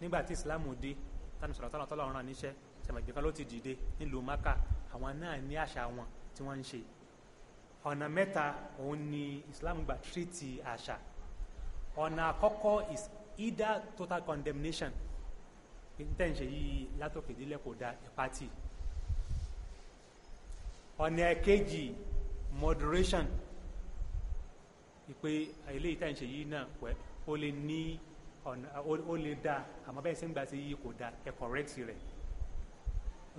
nígbà tí islamu dé tani sọ̀rọ̀ tọ́lọ̀ tọ́lọ̀ ọ̀ràn níṣẹ́ sẹ̀mẹ̀gbẹ̀kan ló ti dìde nílùú maka àwọn náà ní àṣà wọn tí wọ́n ń ṣe ọ̀nà mẹ́ta òun ni islam gba tírìtì àṣà ọ̀nà àkọ́kọ́ is either total condemnation tẹ́ ń ṣe yìí látòkèdílẹ̀ kò da ìpátì ọ̀nà ẹ̀kejì moderation ìpè eléyìí tẹ́ ń ṣe yìí náà pẹ́ ó lè ní ọ̀nà ó lè da àmọ́ bẹ́ẹ̀ sẹ́ńgbà sí yìí kò da ẹ̀ correct rẹ̀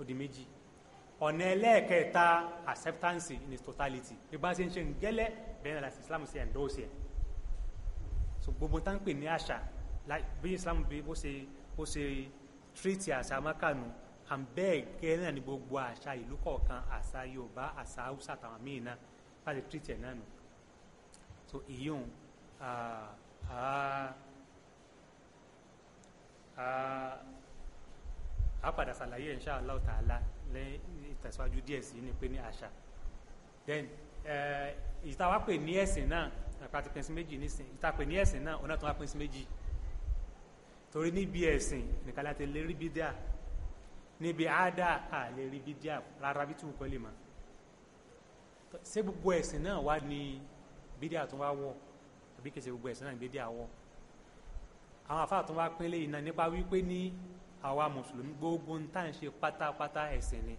ó di méjì ọ̀nà ẹlẹ́ẹ̀kẹta acceptance in its totality bí bá ṣe ń ṣe ń gẹ́lẹ́ bẹ́ẹ̀ ni Islam ṣe endorse ẹ̀ so gbogbo tá ń pè ní àṣà bí islam bí bó ṣe bó ṣe tírìtì àṣà mákànù and bẹ́ẹ̀ gẹ́rẹ́ ní gbogbo àṣà ìlú kọ̀ọ̀kan àṣà yorùbá àṣà haúsá àtàwọn míì náà láti tírìtì ẹ̀ náà nù so ìyóhun a padà ṣàlàyé insha Allah ta'ala lẹ́yìn ìtẹ̀síwájú díẹ̀ sí ni pé ní àṣà then ìtawá pè ní ẹ̀sìn náà àpàtì pín sí méjì nísìn ìtàpè ní ẹ̀sìn náà ọ̀nà tó wá pín méjì torí níbi ẹ̀sìn nìkan láti lè rí bídíà níbi àádá à lè rí bídíà rárá bí tí wù kọ́ lè mọ̀ ṣé gbogbo ẹ̀sìn náà wá ní bídíà tó wá wọ̀ àbí kìí ṣe gbogbo ẹ̀sìn náà ní bídíà wọ̀ àwọn àfáà tó wá pín lé iná nípa wípé ní àwa mùsùlùmí gbogbo ń tà ń ṣe pátápátá ẹ̀sìn ni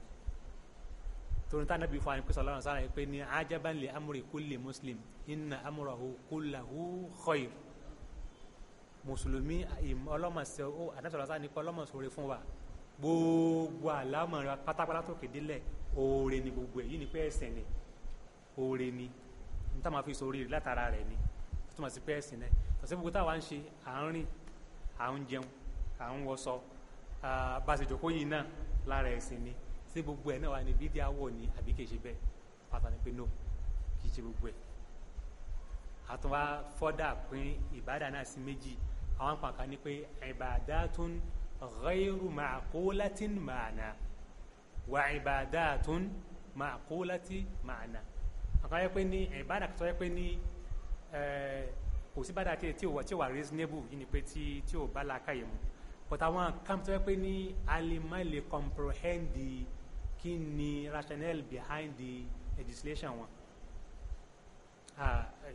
torí tá nàbí fún àyànpẹ́sọ̀ ọlọ́run sára yìí pé ní ajaban li amri kulli muslim inna amrahu kullahu mùsùlùmí ọlọ́mọ̀sẹ̀ ó àdàtọ̀ lọ́sà ní kọ́ ọlọ́mọ̀sẹ̀ oore fún wa gbogbo àlámọ̀ rẹ pátápátá tó kéde lẹ̀ oore ni gbogbo ẹ̀ yìí ni pé ẹ̀sìn ni oore ni n tá máa fi sori rẹ látara rẹ ni tó máa sì pé ẹ̀sìn náà tọ́sí gbogbo táwa ń ṣe à ń rìn à ń jẹun à ń wọṣọ bá a ṣe jòkó yìí náà lára ẹ̀sìn ni ṣé gbogbo ẹ̀ náà wà ní bídí àwọ̀ ni àbí kì í ṣe bẹ́ẹ̀ pàtàkì pé no kì í ṣe gbogbo ẹ̀ àtúnwá fọ́dà pín ìbádà náà sí méjì àwọn pàkà ní pé ibadatun ghayru ma'qulatin ma'na wa ibadatun ma'qulatin ma'na àkàrà yẹ pé ní ìbádà tó yẹ pé ní kò sí bàdà tí ò wà reasonable yìí ni pé tí tí ò bá làákàyè mu but àwọn kan tó yẹ pé ní alimale comprehend kí ni rationale behind the legislation wọn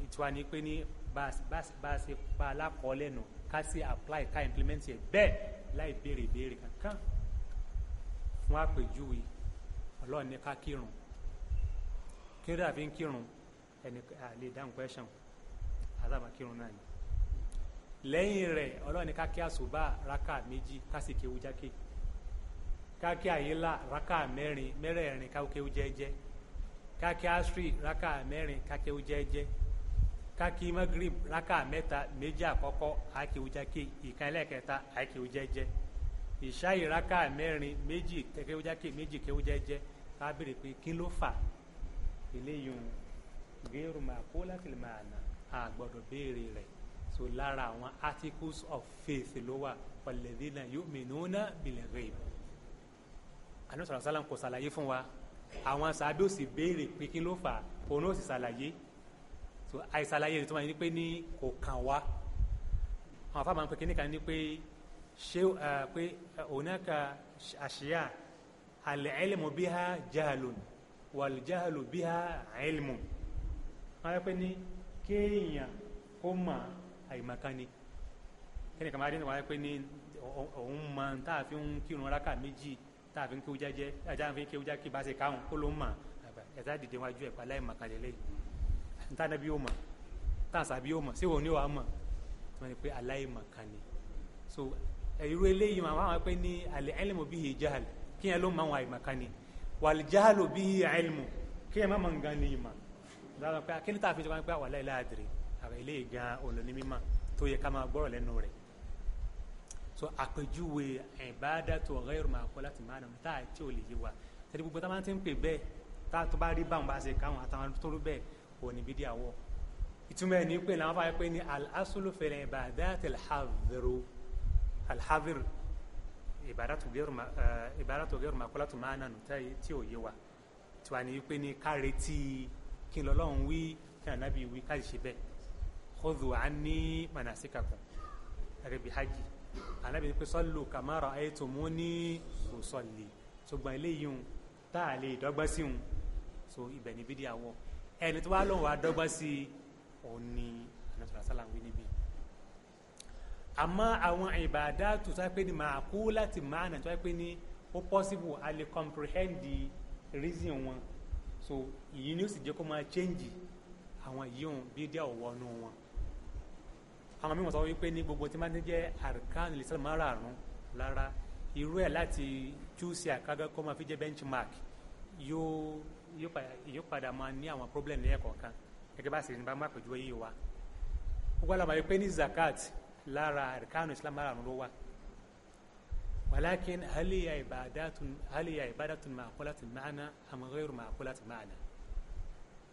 ìtura ni pé ní bá a ṣe pa alákọ̀ọ́ lẹ́nu ká sì apply ká implement yẹ bẹ́ẹ̀ láì béèrè béèrè kankan fún àpèjúwe ọlọ́run ní ká kírun kí ló dàbí ń kírun ẹni àlè dáhùn question àtàbà kírun náà ni lẹ́yìn rẹ̀ ọlọ́run ní ká kí àsùbá rákà méjì ká sì kéwu jákè ká kí àyílà rákà mẹ́rin mẹ́rẹ̀ẹ̀rin ká kéwu jẹ́ẹ́jẹ́ ká kí àṣírí rákà mẹ́rin ká kéwu jẹ́ẹ́jẹ́ kaki magrib raka mẹ́ta méjì àkọ́kọ́ akewujake ìkan ẹlẹ́kẹta akewujẹjẹ ìṣáì raka mẹ́rin méjì kewujake méjì kewujẹjẹ ká béèrè pé kí ló fà eléyìí gẹ́rù máa kó láti lè máa nà á gbọ́dọ̀ béèrè rẹ̀ so lára àwọn articles of faith ló wà walladhina yu'minuna bil ghaib àná sọ̀rọ̀ sálàm kò ṣàlàyé fún wa àwọn sàbẹ̀ ò sì béèrè pé kí ló fà òun ó sì ṣàlàyé so àìsàlàyé rẹ̀ tó máa ní pé ní kò kàn wá àwọn afáàmà ń pè kíníkà ní pé ṣé pé ònàkà àṣìyà al-ilmu biha jahlun wal-jahlu biha ilmun wọ́n á pè ní kéèyàn kó mà àìmọ̀kánni kíníkà máa dín wọ́n á pè ní òun mọ tá a fi ń kírun rákà méjì tá a fi ń kí ó jẹ́jẹ́ ajá fi ń kí ó jẹ́ kí bá ṣe káwọn kó ló ń mà ẹ̀dá dìde wájú ẹ̀ pàlẹ́ àìmọ̀kánni lẹ́yìn ntaana bi o ma tansa bi o ma ṣé wọn ma tí wọn ni pé so irú eléyìí wọn àwọn pé ní alẹ́ ẹlẹ́mọ̀ bí yìí jahal kí yẹn ló ma wọn àìmọ̀kan ni wàlẹ̀ jahalo bí yìí ẹlẹ́mọ̀ kí yẹn má ma ngan ni ìmọ̀ dáadáa pé akíní tá a fi jọ pé wàlẹ́ ilé àdìrẹ́ àwọn eléyìí gan olóní mímọ̀ tó yẹ ká máa gbọ́rọ̀ lẹ́nu rẹ̀ so àpèjúwe ìbáadá tó ọ̀rẹ́ ìrùmọ̀ àkọ́ láti máa nà tá a tí ò lè yé wa tẹ̀lé gbogbo tá a ti ń pè bẹ́ẹ̀ tá tó bá rí báwọn bá ṣe káwọn àtàwọn tó rú bẹ́ẹ̀ òní bídíà wọ̀ ìtumọ̀ ẹ̀ ní pé làwọn afáyẹ pé ní al-aslu fil ibadat al-hadhru al-hadhr ìbádàtò gẹ́rù màkúlátù máa nànú tí ò yé wa tí wà ní pé ní ká retí kí n lọ́lọ́run wí kí ànábì wí ká ṣe bẹ́ẹ̀ khudhu anni manasikakum rẹ̀bi hajj ànábì ní pé sallu kama ra'aytumuni usalli ṣùgbọ́n eléyìí tá a lè dọ́gbọ́n sí un so ibẹ̀ níbi dí àwọ̀ ẹni tó wá lóun wá dọ́gba sí i òun ni anatola sálà ń wí níbí àmọ́ àwọn ìbàdá tó sá pé ní màá kú láti máa nà tó pé ní ó possible a lè comprehend the reason wọn so ìyí ni ó sì jẹ́ kó máa change àwọn yìí òun bí díẹ̀ ò wọnú wọn àwọn mímọ̀ sọ wípé ní gbogbo tí máa ń jẹ́ àrùkánì lè sẹ́lẹ̀ márààrún lára irú ẹ̀ láti tú sí kó máa fi jẹ́ benchmark yóò yóò padà máa ní àwọn problem ní ẹ̀kọ̀ọ̀kan gẹ́gẹ́ bá sì ní bá má pèjú yìí wa gbogbo àlọ́ àmàlẹ́ pé ní zakat lára àríkánu islam lára àrùn ló wà walakin haliya ibadatun haliya ibadatun ma'qulatun ma'ana am ghayru ma'qulatun ma'ana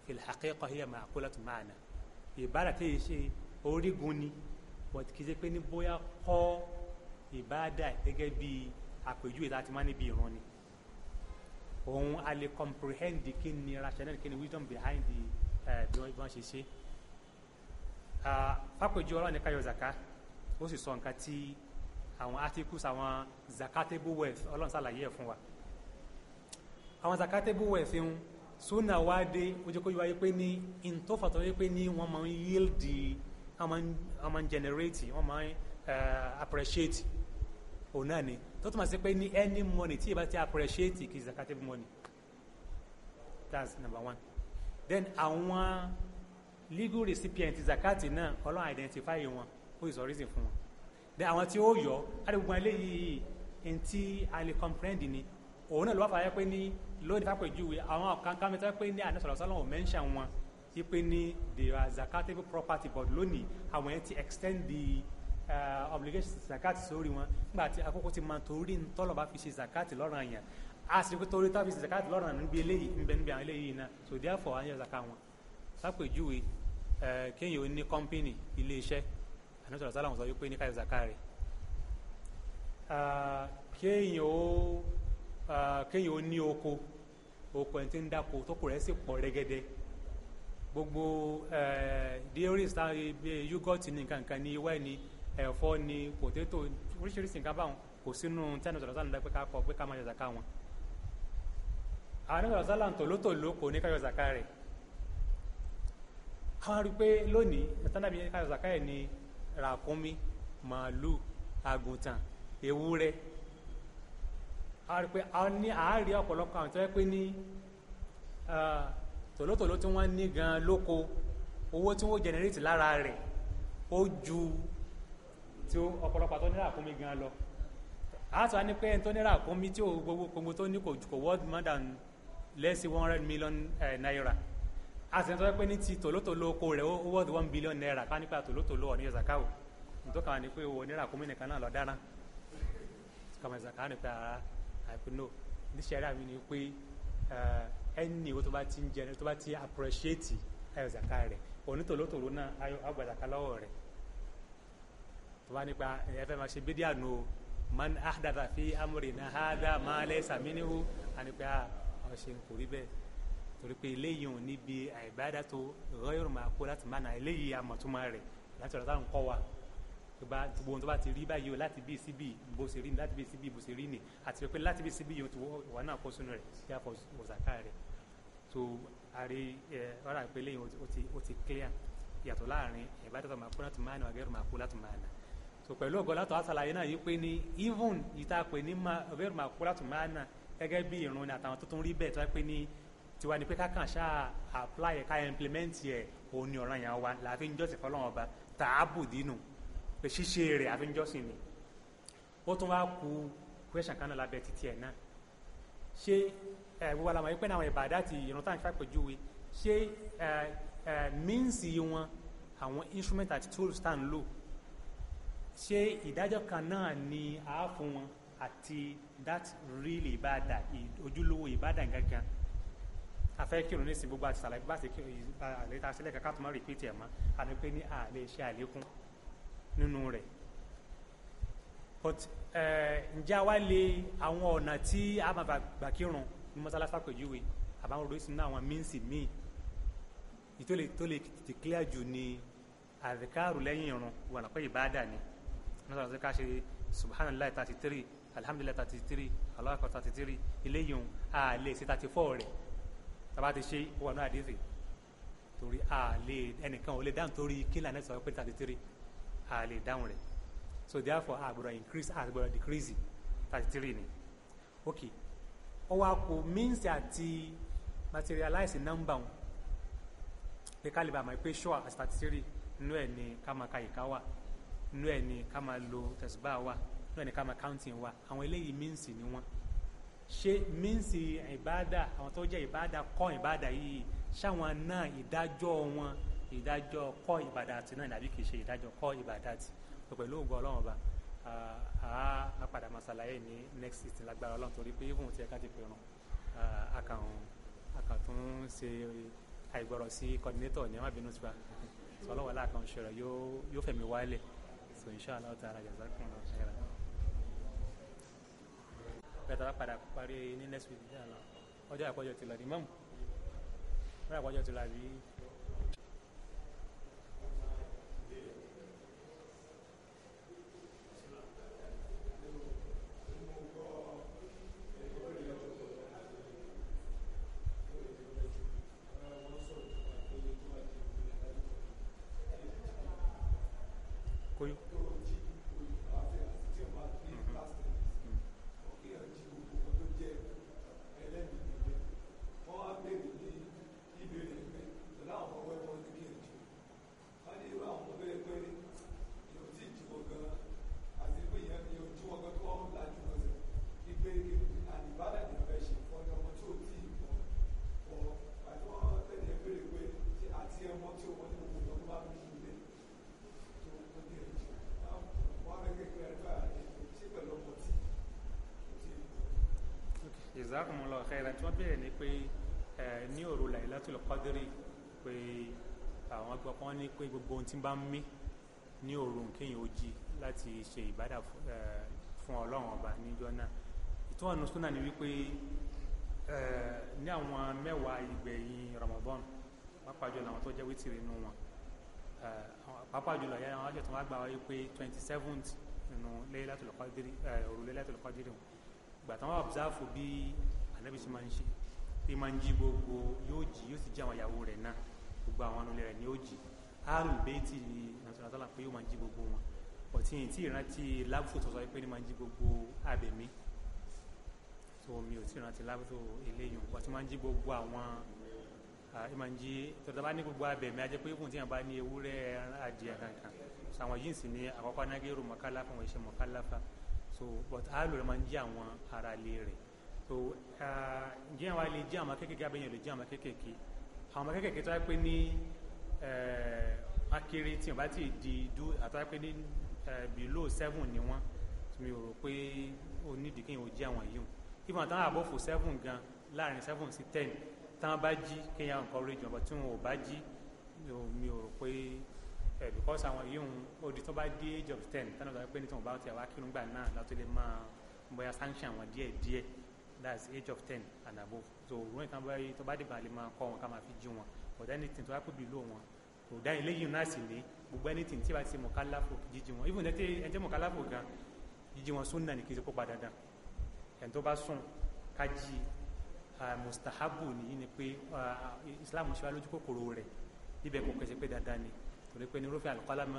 fil haqiqa hiya ma'qulatun ma'ana ìbára tí yìí ṣe orígun ni but kì í pé ní bóyá kọ́ ìbáadà gẹ́gẹ́ bí àpèjúwe láti má níbi ìran ni òun a lè comprehend kí ni rationale kí ni wisdom behind the eh, bí wọ́n ṣe ṣe ah, fàpèjú ọlọ́run ní káyọ̀ zaka ó sì sọ nǹkan tí àwọn articles àwọn zakatable wealth ọlọ́run ṣàlàyé ẹ̀ fún wa àwọn zakatable wealth ń súnà wá dé ojókòó yíwáyé pé ní ìntòfàtọ́ yé pé ní wọ́n máa ń yield wọ́n máa ń generate wọ́n máa ń eh, appreciate òun náà ni tó túmọ̀ sí pé ní any money tí ìbá ti appreciate kì í zakative money that's number one then àwọn legal recipient zakat náà ọlọ́run identify wọn who is the reason fún wọn then àwọn tí ó yọ àdìgbò eléyìí ntí a lè comprehend ni òun náà ló wá fà yẹ pé ní lóde fàpèjúwe àwọn kankan mẹ́ta pé ní àná sọ̀rọ̀sọ̀rọ̀ wọn mention wọn yí pé ní they are zakatable property but lónìí àwọn yẹn ti extend the Eh, obligation zakat sórí wọn nígbà tí àkókò ti máa torí ntọ́lọ́ba fi ṣe zakat lọ́rùn àyàn a sì pé torí tá fi ṣe zakat lọ́rùn àyàn níbi eléyìí níbẹ̀ níbi àwọn eléyìí náà so therefore àyàn zakat wọn lápèjúwe eh, kéèyàn ò ní kọ́mpínì ilé iṣẹ́ ànátọ̀rọ̀ sálàmù sọ wípé ní káyọ̀ zakat rẹ̀ ah, kéèyàn ó ah, kéèyàn ó ní oko oko ẹni tí ń dáko tó kù rẹ̀ sì pọ̀ rẹ́gẹ́dẹ́ gbogbo eh, dioris yúgọ̀tì ní nǹkan kan ní wáìnì ẹ̀fọ́ ni pòtétò oríṣiríṣi nǹkan báwọn kò sínú tẹ́nu sọ̀rọ̀ sálà lẹ́pẹ́ ká kọ́ pé ká máa yọ zaka wọn. àwọn sọ̀rọ̀ sálà ń tòlótòló kò ní ká yọ zaka rẹ̀. àwọn arí pé lónìí ìtànàbí ká yọ zaka yẹn ni ràkúnmí màálù àgùntàn ewúrẹ́. àwọn arí pé àwọn ní àárí ọ̀pọ̀lọpọ̀ àwọn tó yẹ pé ní tòlótòló tí wọ́n ní gan lóko owó tí wọ́n jẹnẹrétì tí ó ọ̀pọ̀lọpọ̀ tó ní ràkúnmí gan lọ a sọ ni pé ẹni tó ní ràkúnmí tí gbogbo gbogbo tó ní kò kò worth more than less than one hundred million eh, naira a sì ń sọ pé ní ti tòlótòló oko rẹ̀ ó worth one billion naira ká nípa tòlótòló ọ̀ ní ìzàkáwò nítorí kàwọn ni pé owó ní ràkúnmí nìkan náà lọ dáná kàwọn ah, ìzàkáwò ni pé ara àìpé no níṣẹ́ rà mí ni pé ẹni ìwé tó bá ti ń jẹ tó bá ti appreciate ẹ̀zàká eh, rẹ̀ onítòlótòló náà ayọ̀ àgbàzàká lọ́wọ́ rẹ̀ tó bá nípa ẹ fẹ́ máa ṣe bídí àná o man ahdatha fi amrina hadha ma laysa minhu ànípa ah, ọ̀ṣẹ̀ kò rí bẹ́ẹ̀ torí pé eléyìí ò níbi àìbáyàdá tó rọ́yọ̀rọ̀ máa kó láti máa nà eléyìí àmọ̀túnmá rẹ̀ láti ọ̀dọ̀ táwọn kọ́ wa gbogbo ohun tó bá ti rí báyìí o láti bí síbí bó ṣe rí ni láti bí síbí bó ṣe rí ni àti pé láti bí síbí yòó tó wà náà kó sínú rẹ̀ kí a fọ òṣàká rẹ̀ tó àrí ẹ ọ̀rọ̀ àgbélé yìí ó ti clear yàtọ̀ láàrin ìbádátọ̀ máa kó láti máa nà àgẹ́rù máa kó láti máa nà so pẹ̀lú ọ̀gọ́ látọ̀ àṣàlàyé náà yìí pé ní even ìta pè ní ọ̀bẹ̀rù máa kó látọ̀ máa nà gẹ́gẹ́ bí ìrun ni àtàwọn tó tún rí bẹ́ẹ̀ tó pé ní tiwa ni pé ká kàn ṣáà apply ẹ̀ ká implement ẹ̀ òun ni ọ̀ràn yẹn wa làá fi ń jọ́sìn fọlọ́run ọba tààbù dínú pé ṣíṣe rẹ̀ àfi ń jọ́sìn ni ó tún wá ku question kan náà lábẹ́ títí ẹ̀ náà ṣé ẹ wíwá làwọn ẹgbẹ́ náà ìbàdà àti ìrun táwọn ìfẹ́ pẹ̀júwe ṣé ẹ ẹ means wọn àwọn instrument àti tools tá à ń lò ṣé ìdájọ́ kan náà ni a fún wọn àti that real ìbáàdà ojúlówó ìbáàdà gangan afẹ́ kírun ní ìsìn gbogbo àti sàlàyé bá ṣe àlétà sílẹ̀ kankan tó máa rìpítì ẹ̀ mọ́ àti pé ní àlè ṣe àlékún nínú rẹ̀ but ǹjẹ́ àwa lè àwọn ọ̀nà tí a máa gbà kírun ní mọ́sálásí àpèjúwe àbáwọn oríṣi náà àwọn míǹsì míì ìtòlè tó lè declare jù ní àdìkárù lẹ́yìn irun wà lápẹ́ ìbáàdà ni nígbà tó ká ṣe subhanallah thirty three alhamdulilah thirty three Allahu akbar thirty three eléyìí òun a lè ṣe thirty four rẹ̀ tàbá ti ṣe ó wà ní àdéhùn torí a lè ẹnìkan ò lè dáhùn torí kílà náà sọ pé thirty three a lè dáhùn rẹ̀ so therefore a gbọ́dọ̀ increase a gbọ́dọ̀ decrease thirty three ni ok ó wá kó means àti materialize number wọn pé ká lè bá a mọ̀ pé sure àti thirty three nínú ẹ̀ ni ká ìka wà nínú ẹ̀ ní ká máa lo tẹ̀síbá wa nínú ẹ̀ ní ká máa káùntì wa àwọn eléyìí míǹsì ni wọ́n ṣé míǹsì ìbáàdà àwọn tó jẹ́ ìbáàdà kọ́ ìbáàdà yìí ṣáwọn náà ìdájọ́ wọn ìdájọ́ kọ́ ìbàdà àti náà nàbí kìí ṣe ìdájọ́ kọ́ ìbàdà àti pẹ̀lú ògùn ọlọ́run ọba a padà máa ṣàlàyé ní next season lágbára ọlọ́run torí pé fóun ti ẹ̀ka ti pè ràn akàwọn akàtún ṣe àìgbọ̀rọ̀ sí coordinator ní àwọn àbínú tiwa sọlọ́wọ́lá àkànṣe rẹ̀ yóò fẹ̀mí wálẹ̀. So inshallah ta'ala jazakumullah khairan. Bẹ́ẹ̀ tọ́lá padà parí ní next week inshallah. Ọjọ́ àpọ̀jọ ti lọ di mọ́mù. Ọjọ́ àpọ̀jọ ti lọ àbí jazakumullah khairan tí wọ́n béèrè ni pé ní òru Lailatul Qadri pé àwọn gbọ́ pọ́n ní pé gbogbo ohun tí bá ń mí ní òru kéèyàn ó jí láti ṣe ìbádà fún ọlọ́run ọba níjọ́ náà ìtúwọ̀n nù súnà ni wípé ní àwọn mẹ́wàá ìgbẹ̀yìn Ramadan pàápàá jùlọ àwọn tó jẹ́ wítìrì inú wọn pàápàá jùlọ yẹn àwọn àjọ tó wá gbà wáyé pé twenty seventh nínú Lailatul Qadri òru Lailatul Qadri wọn gbàtàn wà observe bí ànábì sì máa ń ṣe pé máa ń jí gbogbo yóò jí yóò sì jí àwọn ìyàwó rẹ̀ náà gbogbo àwọn ọ̀nà rẹ̀ ni ó jí àrùn béètì ni nàṣàlàṣàlà pé yóò máa jí gbogbo wọn ọ̀tí yìí tí ìrántí lábùsù tọ́sọ pé ni máa ń jí gbogbo abẹ̀mí tó mi ò tí ìrántí lábùsù eléyìn ọ̀tí máa ń jí gbogbo àwọn ẹ máa ń jí tọ́tà bá ní gbogbo abẹ̀mí ajẹ́ pé ìkùn tí yàn bá ní ewúrẹ́ adìẹ kankan so àwọn yìí sì ní àkọ́kọ́ anágẹ́rù but àlọ́ rẹ̀ máa ń jí àwọn aráalé rẹ̀ so ǹjẹ́ uh, àwa lè jẹ́ àwọn akékèké abẹ́yẹn lè jẹ́ àwọn akékèké àwọn akékèké tó wáyé pé ní uh, akéré tí wọ́n bá ti di dú àtàwé pé ní uh, below seven ni wọ́n mi ò rò pé ó nídìí kéèyàn ó jẹ́ àwọn yìí o ìfọ̀n táwọn àbọ̀fò seven gan láàrin seven sí ten táwọn bá jí kéèyàn encourage wọn bọ̀ tí wọn ò bá jí mi ò rò pé ẹ because àwọn yìí ń odi tó bá dé age of ten tánà tó bá pé ní tí wọn bá ti àwọn akérúngbà náà látó lè máa bóyá sanction àwọn díẹ̀ díẹ̀ that's age of ten and above so òwúrọ̀ ìtàn bá yí tó bá dìgbà lè máa kọ́ wọn ká máa fi jí wọn but anything tó bá pè below wọn kò dá eléyìí náà sì ní gbogbo anything tí wàá ti mọ̀káláfò jíjí wọn even ẹ jẹ́ mọ̀káláfò gan jíjí wọn sunna ní kí n ṣe kó padà dàn ẹni tó bá sùn ká jí mustahabu nìyí ni pé islam ṣe wá lójú kòkòrò rẹ̀ ibẹ̀ kò kẹsẹ̀ pé dandan ni torí pé ní rúfin alqalam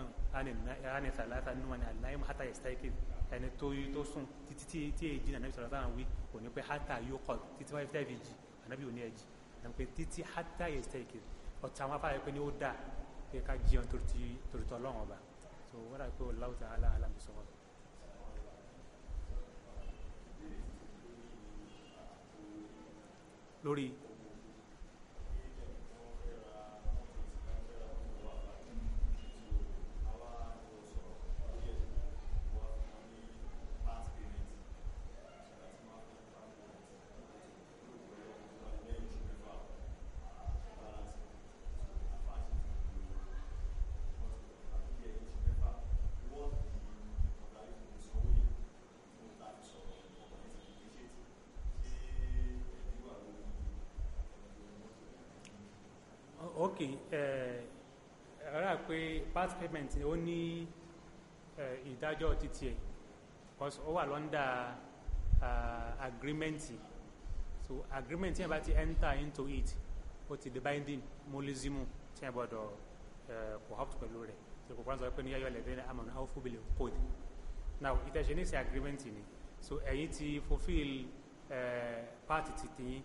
àni sàlátà níwọ̀n ni àlàyé mọ̀ hátà yẹ̀ ẹni tó tó sùn títí tí tí èjì nàbí sọ̀rọ̀ sáà wí kò ní pẹ́ hátà yóò kọ̀ títí wáyé fẹ́ẹ́ fi jì ànábì ò ní ẹ̀jì ànábì pé títí hátà yẹ sẹ́ẹ̀kì ọ̀tá àwọn afárá pé ní ó dà pé ká jẹun torítọ́ ọlọ́run ọba so wọ́n rà pé Allahu ta'ala alam bisawab. lórí ok ọ̀rá eh, pé part payment ó ní eh, ìdájọ́ títí ẹ̀ ó wà lọ́ndà ah, agreement so agreement yẹn bá ti enter into it ó ti the binding molizimu tí yẹn gbọ́dọ̀ kò eh, hop pẹ̀lú rẹ̀ tí kò kọ́ńtà pé ní yẹ́yọ́ lẹ́dẹ́ ní amọ̀nà how full bill code now ìtẹ̀sẹ̀ ní sí agreement ni so ẹ̀yin ti fulfill part ti tiyín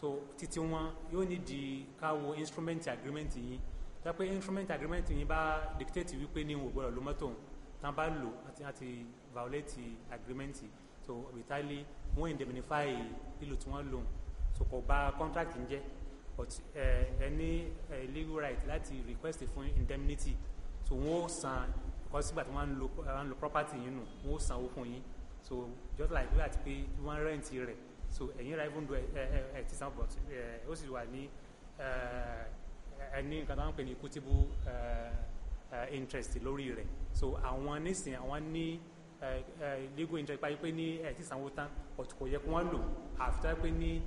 so títí wọn yóò ní di káwo instrument agreement yìí dápẹ́ instrument agreement yìí bá dictate wípé ní wò gbọ́dọ̀ ló mọ́tò tán bá lò àti àti violate agreement so ìtàlí wọ́n indemnify lílo tí wọ́n lò so kò bà contract ń jẹ́ but ẹ ní legal right láti request fún indemnity so wọ́n ó san because sígbà tí wọ́n lo property yìí nù wọ́n ó san owó fún yín so just like that pé wọ́n rent rẹ̀ so ẹ̀yin ra even though ẹ ẹ ti sound but ẹ ó sì wà ní ẹ ní nǹkan tó ń pè ní equitable interest lórí rẹ̀ so àwọn nísìn àwọn ní legal interest pa pé ní ẹ ti sanwó tán but kò yẹ kí wọ́n lò àfitá pé ní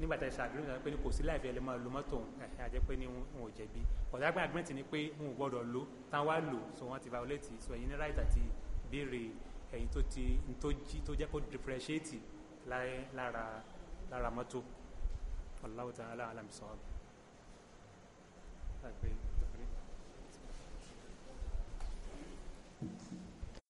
nígbà tá a ṣàgbéyàn sọ pé ní kò sí láìfẹ́ ẹ lè máa lo mọ́tò ẹ̀hìn àjẹ́ pé ní wọn ò jẹ̀bi ọ̀dà pé agreement ni pé wọn ò gbọ́dọ̀ lo táwọn wá lò so wọ́n ti violate so ẹ̀yin ní right àti béèrè ẹ̀yin tó ti tó jí kó differentiate láyé lára lára mọ́tò Allahu ta'ala alam bisawab.